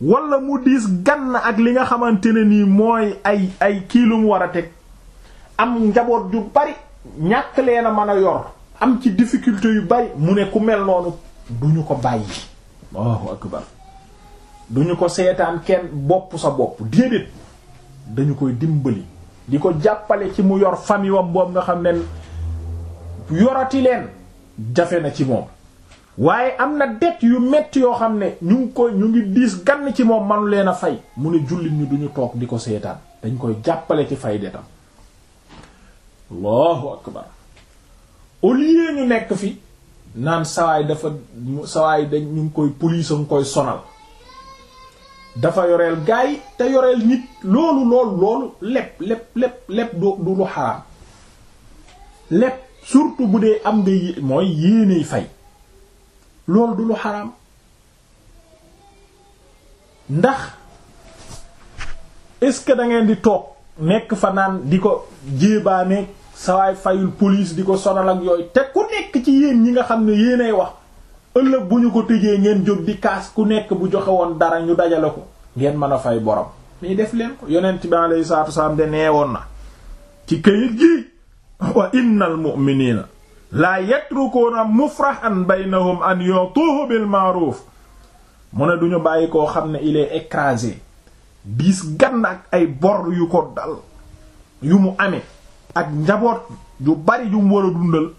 wala mu diis gann ak li nga xamante ne nii mooy ay ay kiilum war a teg am njaboot ju bari ñàkk leen mën a yor am ci difficulté yu bari mu ne ku mel noonu duñu ko bàyyi Allahu akbar duñu ko seetaan kenn bopp sa bopp déedéet dañu koy dimbali di ko jàppale ci mu yor famille wam boobu nga xam ne yorati leen jafe na ci moom waaye am na det yu metti yoo xam ne ñu ngi ko ñu ngi diis gann ci moom manu leen a fay mu ne jullit ñi duñu toog di ko seetaan dañ koy jàppale ci fay detam Allahu akbar au lieu ñu nekk fi naan sawaay dafa sawaay dañ ñu ngi koy police nga koy sonal dafa yoreel gaay te yoreel nit loolu loolu loolu lépp lépp lépp lépp du lu xaraam lépp surtout bu dee am nga mooy yéeney fay loolu du lu xaraam ndax est-ce que da ngeen di toog nekk fa naan di ko jéebaaneeg sawaay fayul police di ko sonal ak yooyu te ku nekk ci yéen ñi nga xam ne yéenay wax ëllëg bu ñu ko tëjee ngeen jot di kaas ku nekk bu joxe woon dara ñu dajale ko ngeen mën a fay borom mais def leen ko yonent bi alayhi salaatu wasalaam de nee na ci këyit gi wa innal mu'minina laa yatrukuuna mufrahan baynahum an yutuhu bil ma'ruf mu ne duñu bàyyi koo xam ne il est écrasé diis ay bor yu ko dal yu mu ame ak njaboot ju bari ju mu dundal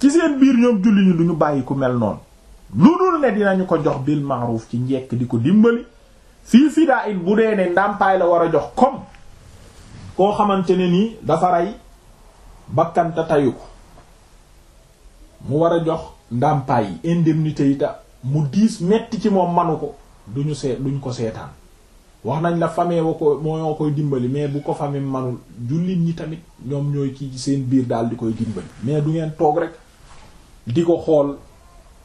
ci seen biir ñoom julli ñu duñu bàyyi ku mel noonu lu dul ne dinañu ko jox bil ma'ruf ci njekk di ko dimbali fii fidaa in bu dee ne ndàmpaay la war a jox comme koo xamante ne nii dafa rey bakkanta tayu ko mu war a jox ndàmpaay yi indemnité yi ta mu diis metti ci moom manu ko duñu seet duñ ko seetaan wax nañ la famille wa ko moo koy dimbali mais bu ko famille manul jullit ñi tamit ñoom ñooy kii seen biir daal di koy dimbali mais du ngeen toog rek di ko xool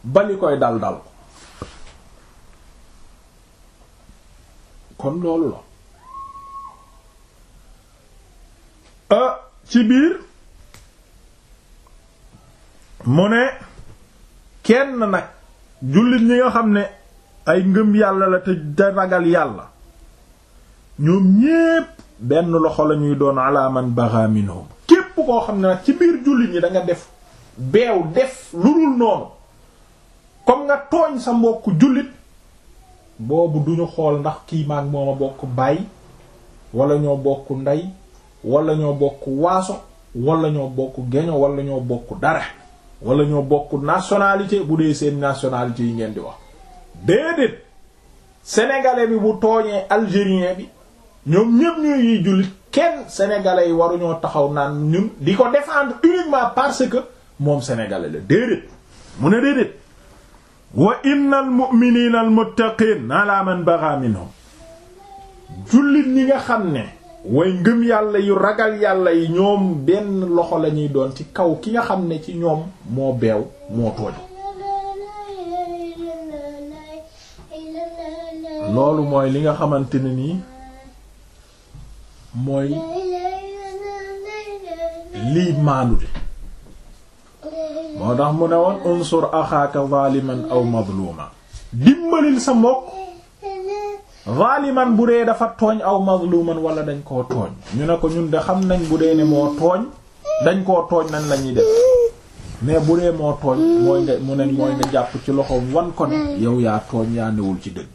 ba koy dal dal kon loolu la ah ci biir mu ne kenn nag jullit ñi nga xam ne ay ngëm yàlla la te da yàlla ñoom ñépp benn loxo lañuy doon alaaman baxa képp koo xam ne nag ci biir jullit ñi danga def beew def lu dul noonu comme nga tooñ sa mbokk jullit boobu duñu xool ndax kii maag moom a bokk baay wala ñoo bokk ndey walla ñoo bokk waaso wala ñoo bokk geño wala ñoo bokk dara wala ñoo bokk nationalité bu dee seen nationalité yi ngeen di wax déedéet sénégalais bi bu tooñee algérien bi ñoom ñëpp ñuy jullit kenn sénégalais yi waruñoo taxaw naan ñun di ko défendre uniquement parce que moom sénégalais la déedéet mu ne déedéet wa innal mu'minina al muttaqin ala man bagha jullit ñi nga xam ne way ngëm yàlla yu ragal yàlla yi ñoom benn loxo lañuy doon ci kaw ki nga xam ne ci ñoom moo beew moo tooñ loolu mooy li nga xamante ne nii mooy lii maanute moo tax mu ne woon unsur axaaka zaliman aw mazluma dimbalil sa mbokk zaliman bu dee dafa tooñ aw mazluman wala dañ koo tooñ ñu ne ko ñun de xam nañ bu dee ne moo tooñ dañ koo tooñ nañ lañuy def mais bu dee moo tooñ mooy nga mu ne mooy nga jàpp ci loxoom wan ko ne yow yaa tooñ yaa newul ci dëgg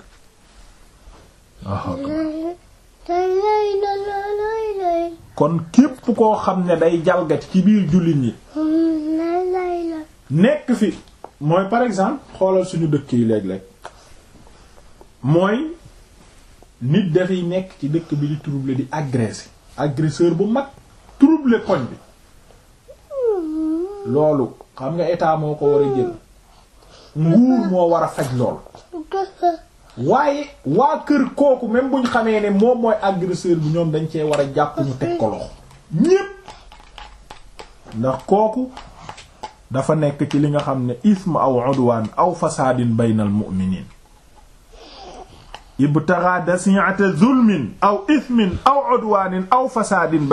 kon képp koo xam ne day jalgati ci biir jullit yi nekk fi mooy par exemple xoolal suñu dëkk yi léeg-léeg mooy nit dafay nekk ci dëkk bi di troubler di agresser agresseur bu mag troubler koñ bi loolu xam nga état moo ko war a jël nguur moo war a faj lool waaye waa kër kooku même buñ xamee ne moom mooy agresseur bi ñoom dañ cee war a jàpp ñu teg ko ñépp ndax kooku dafa nekk ci li nga xam ne ism aw udwan aw fasaadin baynal mu'minin ibtaxa aw ismin aw udwanin aw fasaadin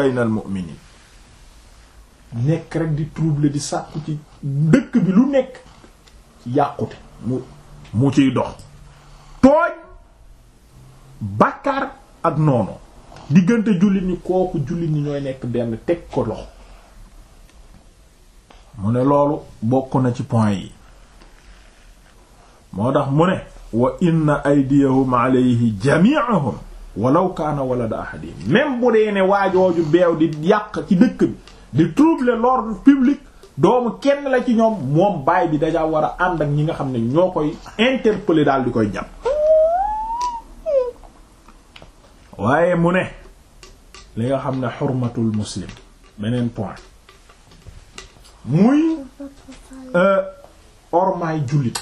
nekk rek di trouble di sàkku ci dëkk bi lu nekk ci yàqute mu mu ciy dox tooñ ak noonu diggante jullit ñi kooku jullit ñi ñooy nekk benn teg ko loxo mu ne loolu bokk na ci point yi moo tax mu ne wa inna aydiyahum alayhi jami'ahum walaw kaana walada ahadihim même bu dee ne waajooju beew di yàq ci dëkk bi di troubler l'ordre public doomu kenn la ci ñoom moom baay bi dajaa war a ànd ak ñi nga xam ne ñoo koy interpeller daal di koy jàpp waaye mu ne li nga xam ne xurmatul muslim beneen point muy euh, ormaay jullit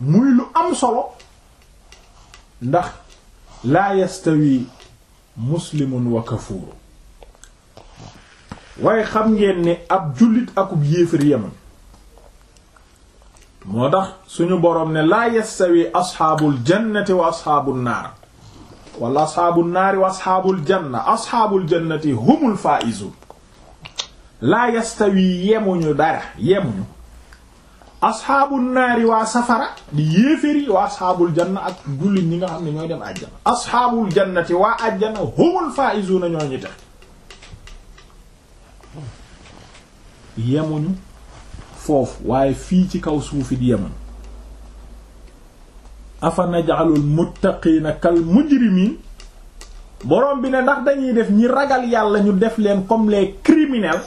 muy lu am solo ndax laa yastawi muslimun wa kafuuru waaye xam ngeen ne ab jullit akub yéefar yaman moo tax suñu borom ne laa yastawi asxaabul jannati wa asxaabul naar wala asxaabul naari wa asxaabul janna asxaabul jannati humul faa'izun laa yastawi yemuñu dara yemuñu asxaabul naari waa safara di yéeféri waa asxaabul janna ak jullit ñi nga xam ne ñooy dem àjjana asxaabul jannati waa àjjana humul faa'izuna ñoo ñi tax yemuñu foofu waaye fii ci kaw suufi di yeman afa naj'alul muttaqiina kal mujrimiin boroom bi ne ndax dañuy def ñi ragal yàlla ñu def leen comme les criminels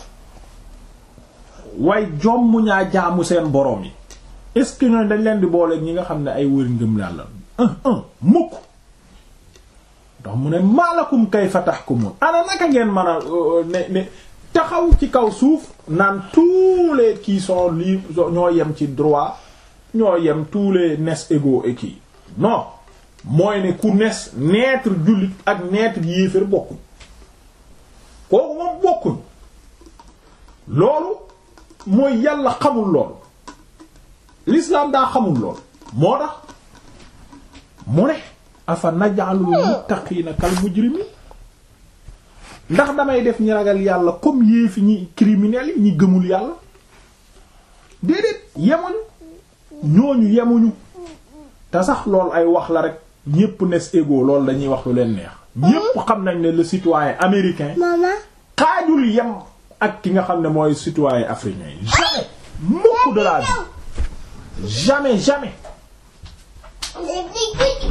waaye jomm ñaa jaamu seen boroom yi est-ce que ñooñu dañ leen di boole ñi nga xam ne ay wër ngëm yàlla mukk ndax mu ne maalakum kayfa tahkumun ana naka ngeen mën euh, ne ne taxaw ci kaw suuf naan tous les qui sont libres ñoo yem ci droit ñoo yem tous les nes égaux et kii mooy ne ku nes naître jullit ak naître yéefér bokkuñ kooku moom bokkuñ loolu mooy yàlla xamul lool l'islam daa xamul lool moo tax mu ne afa naj'alul muttaqiina kal mujrimiin ndax damay def ñi ragal yàlla comme yéefi ñi criminels yi ñi gëmul yàlla déedéet yemuñu ñooñu yemuñu te sax lool ay wax la rek ñépp nes ego loolu dañuy wax leen neex ñépp xam nañ ne le citoyen américain xaajul yem ak ki nga xam ne mooy citoyen africain yi jamais mukk de la vie jamais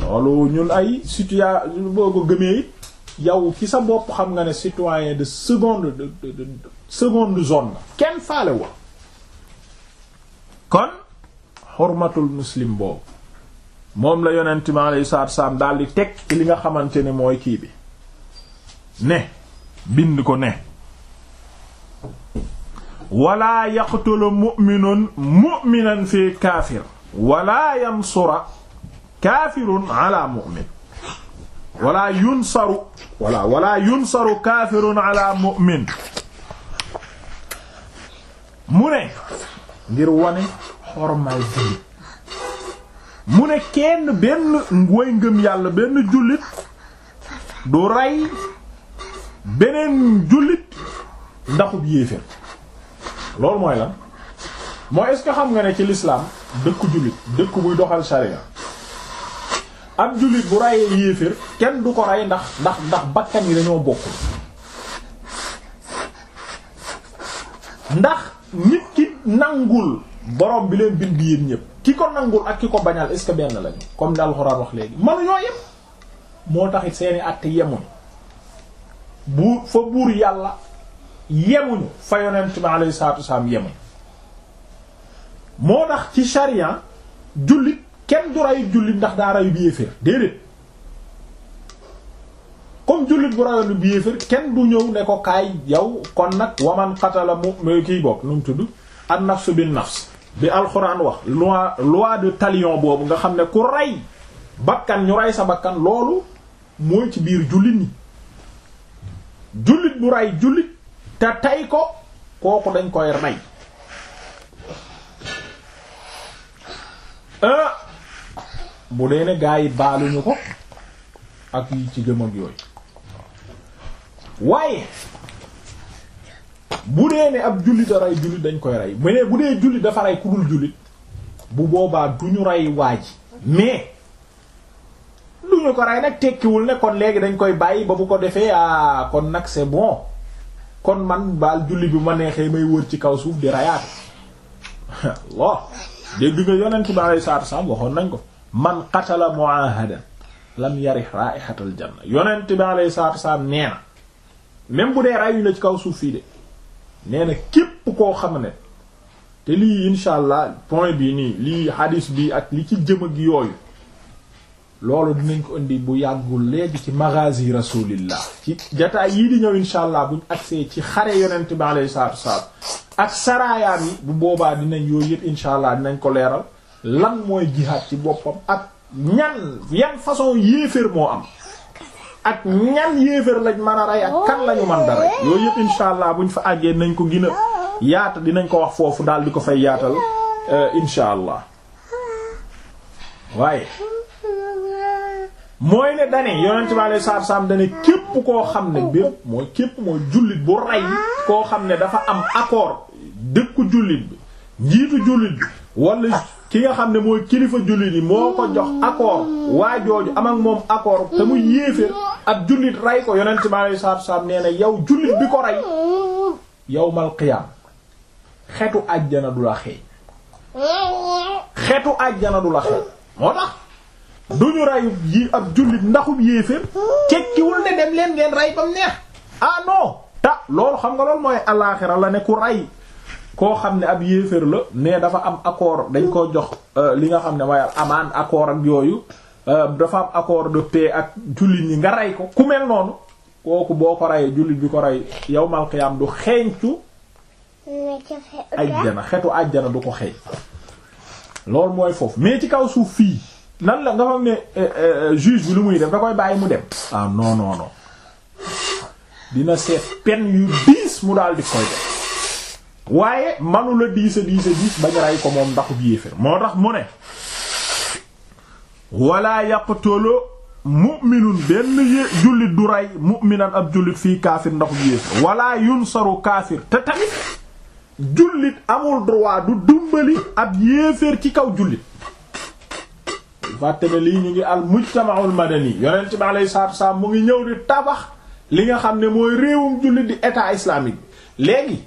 loolu ñun ay citoyen boo ko gëmee it yow ci sa bopp xam nga ne citoyen de seconde de de seconde zone kenn faale wa kon xurmatul muslim boobu moom la yonent mi alayhi salaatu salaam daal di teg ci li nga xamante ne mooy kii bi ne bind ko ne walaa yaqtulu mu'minun mu'minan fi kaafir walaa yansura kaafirun ala mu'min wala yunsaru wala wala yunsaru kaafirun ala mu'min mu ne ngir wane xormaay jullit mu ne kenn benn way yàlla benn jullit du rey beneen jullit ndaxub yéeféer loolu mooy lan mooy est-ce xam nga ne ci lislaam dëkk jullit dëkk buy doxal sharia ab jullit bu rayee yéeféer kenn du ko rey ndax ndax ndax bakkan yi dañoo bokkul ndax nit ki nangul borom bi leen bind yéen ñëpp ki ko nangul ak ki ko bañal est-ce que benn lañu comme li alxuraan wax léegi mënuñoo yem moo taxit seeni àtte yemuñ bu fa buur yàlla yemuñu fa yonent bi alayhi salaatu wasalaam yemuñ moo tax ci sharia jullit kenn du rayub jullit ndax daa rayub yéeféer déedéet comme jullit bu rayub yéeféer kenn du ñëw ne ko kaay yow kon nag waman qatala mu kiy bokk nu mu tudd an nafs bin nafs bi alxuraan wax loi loi de talion boobu nga xam ne ku rey bakkan ñu rey sa bakkan loolu mooy ci biir jullit ñi jullit bu rey jullit te tey ko kooku dañ koy rey euh, bu dee ne gaa yi baaluñu ko ak yi ci gëm ak yooyu waaye bu dee ne ab jullit a rey jullit dañ koy rey mu ne bu dee jullit dafa rey ku dul jullit bu boobaa du ñu rey waa ji mais du ñu ko rey nag tekkiwul ne kon léegi dañ koy bàyyi ba bu ko defee ah kon nag c'est bon kon man baal jullit bi ma neexee may wër ci kaw suuf di reyaat Allah dégg nga yonent bi alayhi salaatu wasallam waxoon nañ ko man qatala mu'ahadan lam yarih raihatal janna yonent bi alayhi salaatu wasalaam nee na même bu dee rayuñ la ci kaw suuf fii de nee na képp koo xam ne te lii insha allah point bi nii lii hadis bi ak li ci jëm gi yooyu loolu dinañ ko indi bu yàggul léegi ci magazi rasulillah ci jataay yii di ñëw insha allah buñ agsee ci xare yonent bi alayhi salaatu wasalaam ak saraayaam yi bu boobaa dinañ yooyu yëpp insha allah dinañ ko leeral lan mooy jihaad ci boppam ak ñan yan façon yéeféer moo am ak ñan yéeféer lañ mën a rey ak kan lañu mën da yooyu yëpp insha allah buñ fa àggee nañ ko gën a yaata dinañ ko wax foofu daal di ko fay yaatal eh, insha waaye mooy ne dane yonent bi alayhi salaatu salaam dane képp koo xam ne biir mooy képp mooy jullit bu rey koo xam ne dafa am accord dëkku jullit bi njiitu jullit bi wala ki nga xam ne mooy kilifa jullit yi moo ko jox accord waa jooju am ak moom accord te mu yéeféer ak jullit rey ko yonent bi alayhi salaatu salaam nee na yow jullit bi ko rey yawmal qiyaam xetu àjjana du la xeeñ xetu àjjana du la xeeñ moo tax du ñu reyu yi ab jullit ndaxum yéeféer tekkiwul ne dem leen ngeen rey bam neex ah non ta loolu xam nga loolu mooy alaaxira la ne ku rey koo xam ne ab yéeféer la mais dafa am accord dañ ko jox euh, li nga xam ne mooy amaan accord ak yooyu euh, dafa am accord de paix ak jullit ñi nga rey ko ku mel noonu kooku boo ko reyee jullit bi ko rey yawmal qiyaam du xeeñcu ajjana xetu ajjana du ko xeeñ loolu mooy foofu mais ci kaw suuf fii nan la euh, juge bi lu muy def da koy bàyyi mu dem ah non non non dina seet peine yu diis mu daal di koy def waaye manu la diis a diis a diis bañ rey ko moom ndaxub yéefér moo tax mu ne wala yaqtulu mu'minun benn yé jullit du rey mu'minan ab jullit fii kaafir ndaxub yéefér wala yunsaru kaafir te tamit jullit amul droit du dumbali ab yéeféer ci kaw jullit fàtte ne lii ñu ngi al mujtama'ul madani yonent bi alayhi salaatu wasalaam mu ngi ñëw di tabax li nga xam ne mooy réewum jullit di état islamique léegi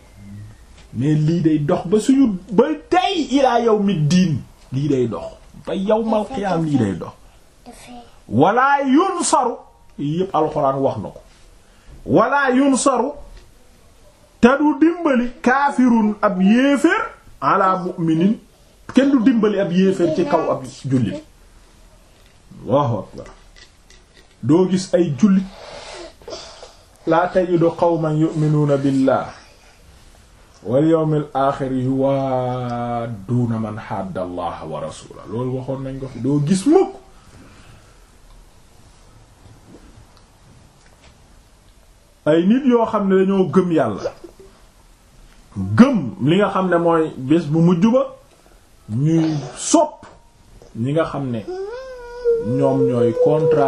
mais lii day dox ba suñu ba tey ilaa yawmi diin lii day dox ba yawmal qiyaam lii day dox wala yunsaru yépp alxuraan wax na ko wala yunsaru te du dimbali kaafirun ab yéeféer ala mu'minin kenn du dimbali ab yéeféer ci kaw ab jullit doo gis ay jullit laa tajidu qawman yu'minuuna billah wal yawmil aaxir yuwaadduuna man xadda wa rasula loolu waxoon nañ ko fi doo gis mukk ay nit yoo xam ne dañoo gëm yàlla gëm li nga xam ne mooy bés bu mujj ba ñuy sopp ñi nga xam ne ñoom ñooy contrat